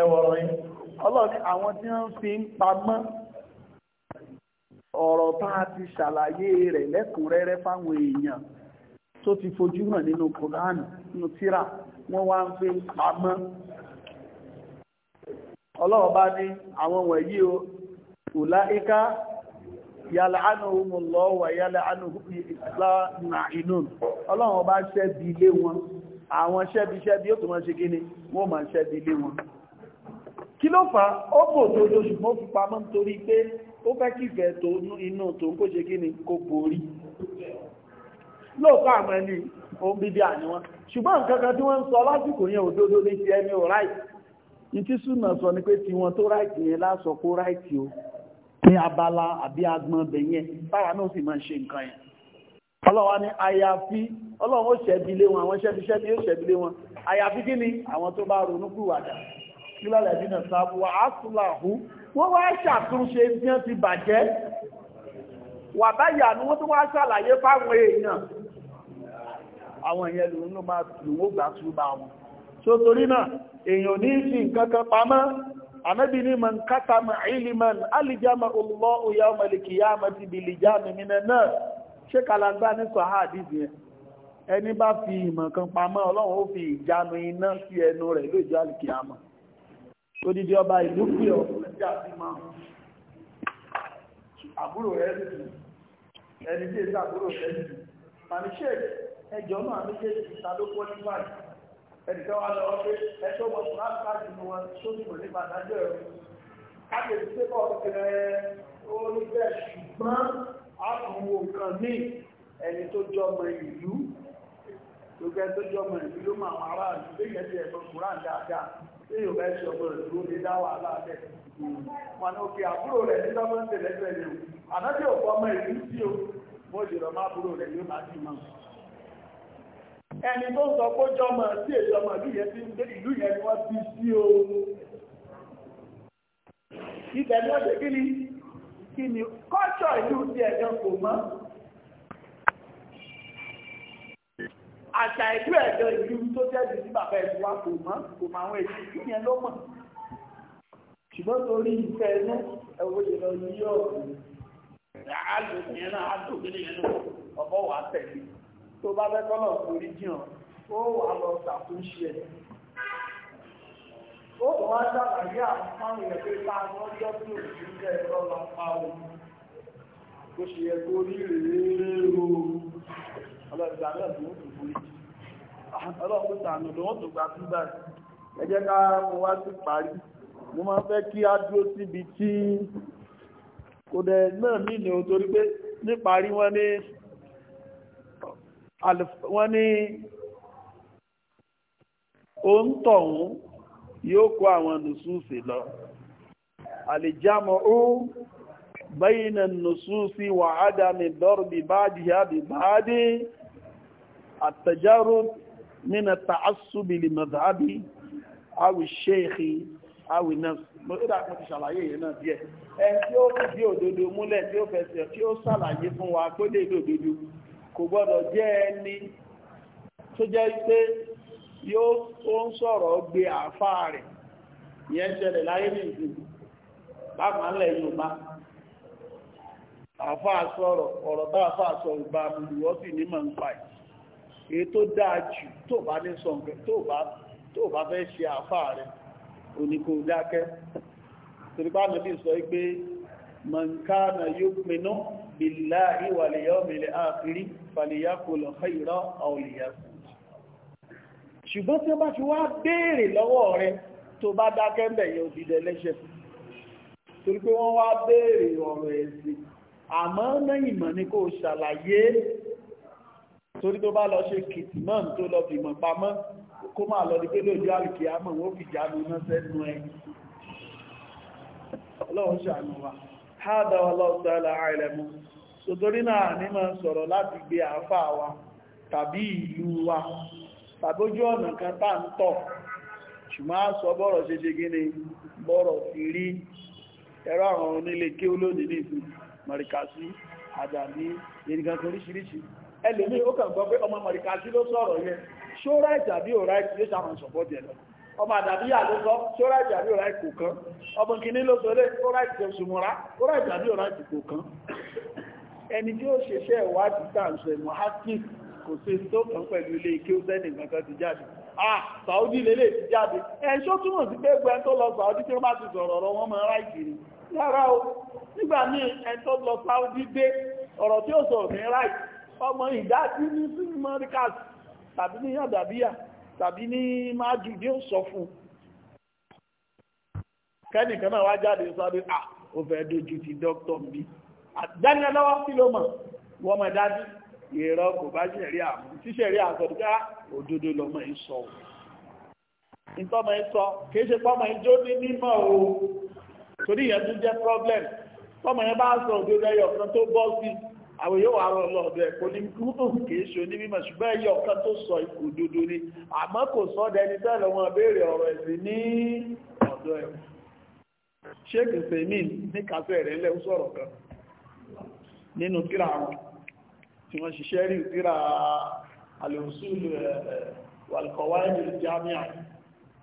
ẹwọ̀rọ̀ ọlọ́ni àwọn tí wọ́n fi ń pamọ́ ọ̀rọ̀ tá a ti ṣàlàyé rẹ̀ lẹ́kùnrẹ́rẹ́ fáwọn èèyàn tó ti fojú hàn nínú kòránì nínú tíra wọ́n wá ń fi pamọ́ ọlọ́ọ̀bá ní àwọn wọ̀nyí o ulaika yal'anuhumullahu wa yal'anuhum la'inun ọlọ́ọ̀bá ṣẹ́bi ilé wọn àwọn ṣẹ́bi ṣẹ́bi ó tó máa ṣe kíni wọ́n máa ṣẹ́bi ilé wọn kí ló fà ó bò tó lóṣùgbọ́n fi pamọ́ nítorí pé ó fẹ́ kífẹ̀ẹ́ tó inú tó ń kó ṣe kíni kó borí lóòótọ́ àmọ́ ẹni òun bíbí àníwọ́n ṣùgbọ́n nǹkan kan tí wọ́n ń sọ lásìkò yẹn òdodo ní ti ẹni ò ráìtì ìtí súnà sọ ni pé tiwọn tó ráìtì yẹn lásọ kó ráìtì o ní abala àbí agbọn bẹ̀ yẹn báwa náà sì máa ń ṣe nǹkan yẹn ọlọ́wà ní àyàfi ọlọ́run ó ṣẹ̀bi lé wọn àwọn ṣẹ́bíṣẹ́bí ó ṣẹ̀bi lé wọn àyàfi kí ni àwọn tó bá ronú kúrùwàdà nílọ́lẹ̀ dínà sáàbù wà á túnlà hù wọ́n wá ṣàtúnṣe tí wọ́n ti bàjẹ́ wà ni wọ́n tó wá ṣàlàyé fáwọn èèyàn àwọn ìyẹn lòun ló máa lòun ó gbà túbà wọn so torí náà èèyàn ní sí nǹkan kan pamọ́ ànábì ní man kátàmà ìlìmọ̀n alìjámà olùlọ́ òyà ọmọlìkì yá àmọ́ ti bìlì já mìíràn náà ṣé kàlàgbà ní sọ̀há àdìsí ẹ̀ ẹni bá fi ìmọ̀ kan pamọ́ ọlọ́run ó fi ìjánu iná sí àbúrò rẹ̀ ẹni tí èsì àbúrò rẹ̀ ẹni tí ẹjọ́ náà méjèèjì ìta ló kọ́ nípa yìí ẹnìkan wà lọ pé ẹjọ́ wọn kò láti káàdì nu wọn tó nímọ̀ nípa àdájọ́ ẹ̀rọ káàkiri pé bọ́ ọ̀kẹ́rẹ́ ó ní bẹ́ẹ̀ ṣùgbọ́n àtúnwò nǹkan ní ẹni tó jọmọ ìlú tó gẹ́ tó jọmọ ìlú ló máa wọn aráàlú bí ìyẹn ti ẹ̀kọ́ kúrán dáadáa tí yóò bẹ́ẹ̀ ṣe ọmọ ìlú ó lè dá wàhálà bẹ́ẹ̀ wọn ò kí àbúrò rẹ̀ ní lọ́mọ́ ń ni o àdájọ́ ọ̀pọ̀ ọmọ ìlú sí o mọ́ ẹni tó sọ kó jọmọ̀ sí èyí ọmọ ìlú yẹn ti ń gbé ìlú yẹn ni wọ́n ti sí o ibẹ̀ ni wọ́n ṣe kí ni kí ni kọ́ṣọ̀ ìlú ti ẹ̀jẹ̀ kò mọ́ àṣà ìlú ẹ̀jọ ìlú tó tẹ́jú sí bàbá ìlú wa kò mọ́ kò mọ àwọn èyí kí yẹn ló mọ̀ ṣùgbọ́n torí ìfẹ́ inú ẹ̀wọ́ ìlọ ní yóò rà á lò ní ẹ̀rọ àdókè ní ẹ̀rọ ọ̀bọ̀ wà tẹ̀lé tó bá fẹ́ kọ́lọ̀ forí jìàn ó wà lọ ṣàtúnṣe ó wá ṣàlàyé àwọn fáwọn èèyàn pé bá wọn jọ tó jẹ́ ẹ̀rọ lọ pa òun kó ṣe yẹ kó rí rèé o ọlọ́ọ̀dà náà mo máa fẹ́ kí á dúró síbi tí kò dẹ̀ náà mí torí pé níparí wọ́n ní wọ́n ní òǹtọ̀hún yóò kó àwọn nùsùsì lọ àlìjámọ̀ ó bẹ́yìnà nùsùsì wà ádámi dọ́rùbì báàdì yàbì báàdì àtàjárò nínà tààsùbì lè mọ̀dáàbì àwì ṣéèkì àwì náà kò gbọ́dọ̀ jẹ́ ẹni tó jẹ́ pé yóò tó ń sọ̀rọ̀ gbé àáfàá rẹ̀ ìyẹn ṣẹlẹ̀ láyé nìyí lápàálẹ̀ yorùbá àáfàá sọ̀rọ̀ ọ̀rọ̀ bá àáfàá sọ ìgbà àbúrúwọ́ sì ní mọ̀ ń pa èyí tó dáa jù tó bá ní sọ tó bá fẹ́ ṣe àáfàá rẹ̀ òní kò dákẹ́ torípá bí sọ pé mọ̀ǹkánà yóò pinnu billahi wal yawmil akhir falyakul khayra aw liyasmut ṣùgbọ́n tí ó bá fi wá béèrè lọ́wọ́ rẹ tó bá dákẹ́ ń bẹ̀yẹ òdìdẹ̀ lẹ́ṣẹ̀ torí pé wọ́n wá béèrè ọ̀rọ̀ ẹ̀sìn àmọ́ lẹ́yìn mọ̀ ní kò ṣàlàyé torí tó bá lọ ṣe kìtìmọ́n tó lọ fi mọ̀ pamọ́ kó máa lọ di pé lójú àlùkìyàmọ̀ wọ́n fi jáde náà sẹ́nu ẹ̀ ọlọ́run ṣàánú wa hádà ọlọ́ọ̀tọ́lá àìlẹ̀mú so torí náà ní máa sọ̀rọ̀ láti gbé àáfà wa tàbí ìlú wa tàbójú ọ̀nà kan tá ń tọ̀ ṣùgbọ́n a sọ bọ́rọ̀ ṣeṣe ṣe gíní bọ́rọ̀ ti rí ẹ̀rọ àwọn onílé kí olóòdì ní ìsìn marikasi àjàmí ìrìnkan kan oríṣiríṣi ẹlòmí ó kàn gbọ́ pé ọmọ mọ̀ríkàsí ọmọ àdàbíyà ló sọ tí ó ráìtì àbí ọ̀rá ìkò kan ọmọ kìíní ló sọ lé ó ráìtì ṣùmọ̀rá ó ráìtì àbí ọ̀rá ìkò kan ẹni tí ó ṣeṣẹ́ ìwádìí tàǹṣẹ̀ mohamed kò sí tó kàn pẹ̀lú ilé kí ó sẹ́nì kankan ti jáde ah saudi lélẹ̀ ti jáde ẹ̀ṣọ́ túmọ̀ sí pé gbẹ́ tó lọ saudi tí wọ́n bá ti sọ̀rọ̀ ọ̀rọ̀ wọn máa ráìtì ni yára o nígbà míì ẹ̀ṣọ́ lọ saudi dé ọ̀rọ̀ tí ó sọ̀rọ̀ ní ráìtì ọmọ ìdájí ní sí mọ́ríkàs tàbí ní yàdàbíyà tàbí ní májú ní ó sọ fún kẹ́nìkan náà wá jáde sáré à ó fẹ́ dojú ti dókítà mi àdáni ọlọ́wọ́ sí ló mọ̀ wọ́n mọ̀ dájú ìrọ̀ kò bá ṣẹ̀rí àmú tíṣẹ̀rí àsọ̀dúká òdodo lọ́mọ ìsọ ìtọ́mọ ìsọ kìí ṣe pọ́mọ ìjó ní mímọ̀ o torí ìyẹn tún jẹ́ problem tọ́mọ yẹn bá sọ òdodo ẹyọ kan tó bọ́ sí àwọn yóò wà rọ lọ́ọ̀dọ̀ ẹ̀kọ́ ní kúrò kìí ṣe ní mímọ̀ ṣùgbọ́n ẹ̀yẹ ọ̀kan tó sọ òdodo ni àmọ́ kò sọ dẹni tẹ́lẹ̀ wọn béèrè ọ̀rọ̀ ẹ̀sìn ní ọ̀dọ̀ ẹ̀ ṣéèkì sèmín ní kàfẹ́ rẹ̀ lẹ́ sọ̀rọ̀ kan nínú eh, eh, jamia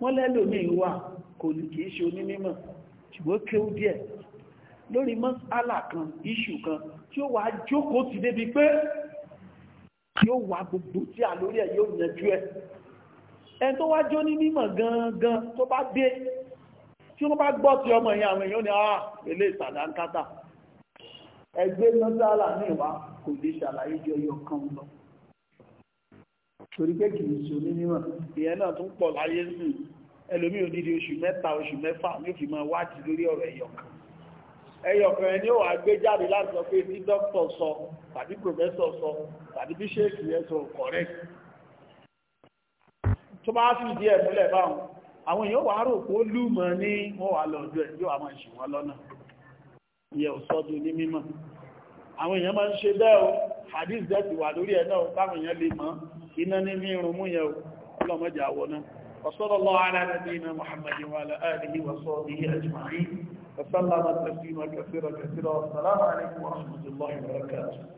wọ́n lẹ́lòmíì wà kò ní kìí ṣe onímọ̀ díẹ̀ lórí mọ́sálà kan iṣù kan tí ó wà jókòó ti débi pé yóò wà gbogbo tí a lórí ẹ̀ yóò yanjú ẹ̀ ẹn tó wá jó ní mímọ̀ gangan tó bá dé tí wọ́n bá gbọ́ ti ọmọ ìyá àwọn èèyàn ni àà ah, ilé ìsàdánkátà ẹgbẹ́ mọ́sálà ní ìwá kò lè ṣàlàyé jọ yọ kan lọ torí pé kìí ṣe onímọ̀ ìyẹn náà tún pọ̀ láyé sí ẹlòmí odidi oṣù mẹ́ta oṣù mẹ́fà ní òfin máa wádìí lórí ọ̀rọ̀ ẹ̀yọ̀ kan ẹyọkàn ẹni ó wàá gbé jáde láti sọ pé dókítà sọ tàbí sọ tàbí bí yẹn sọ correct tó bá fìdí ẹ̀ múlẹ̀ báwọn àwọn èèyàn wàá rò pé ó lùmọ̀ ní wọ́n wà lọ́dọ̀ yóò àwọn ìṣìn wọn o hadith dẹ̀ ti wà lórí ẹ̀ náà táwọn èèyàn lè mọ̀ iná ní mírun mú yẹn o náà وسلم تسليما كثيرا كثيرا والسلام عليكم ورحمة الله وبركاته